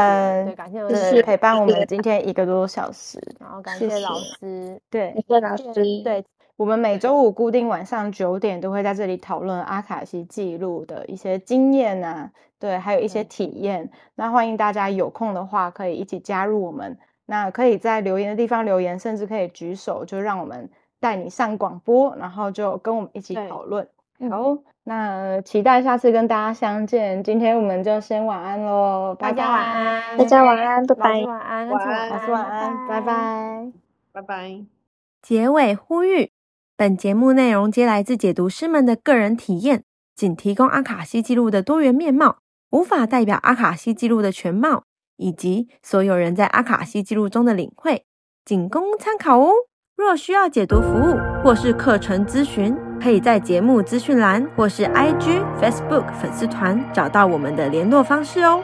感謝恩辰陪伴我們今天一個多小時，然後感謝老師，對，謝謝老師，對我們每週五固定晚上九點都會在這裡討論阿卡西記錄的一些經驗啊，對，還有一些體驗，那歡迎大家有空的話可以一起加入我們，那可以在留言的地方留言，甚至可以舉手，就讓我們帶你上廣播，然後就跟我們一起討論。好、哦，那期待下次跟大家相見。今天我們就先晚安嘍，拜拜大家晚安，拜拜大家晚安，拜拜，晚安，晚安，晚安，拜拜，拜拜。結尾呼籲：本節目內容皆來自解讀師們的個人體驗，僅提供阿卡西記錄的多元面貌，無法代表阿卡西記錄的全貌以及所有人在阿卡西記錄中的領會，僅供參考哦。若需要解讀服務或是課程諮詢。可以在節目資訊欄或是 IG、Facebook 粉絲團找到我們的聯絡方式哦。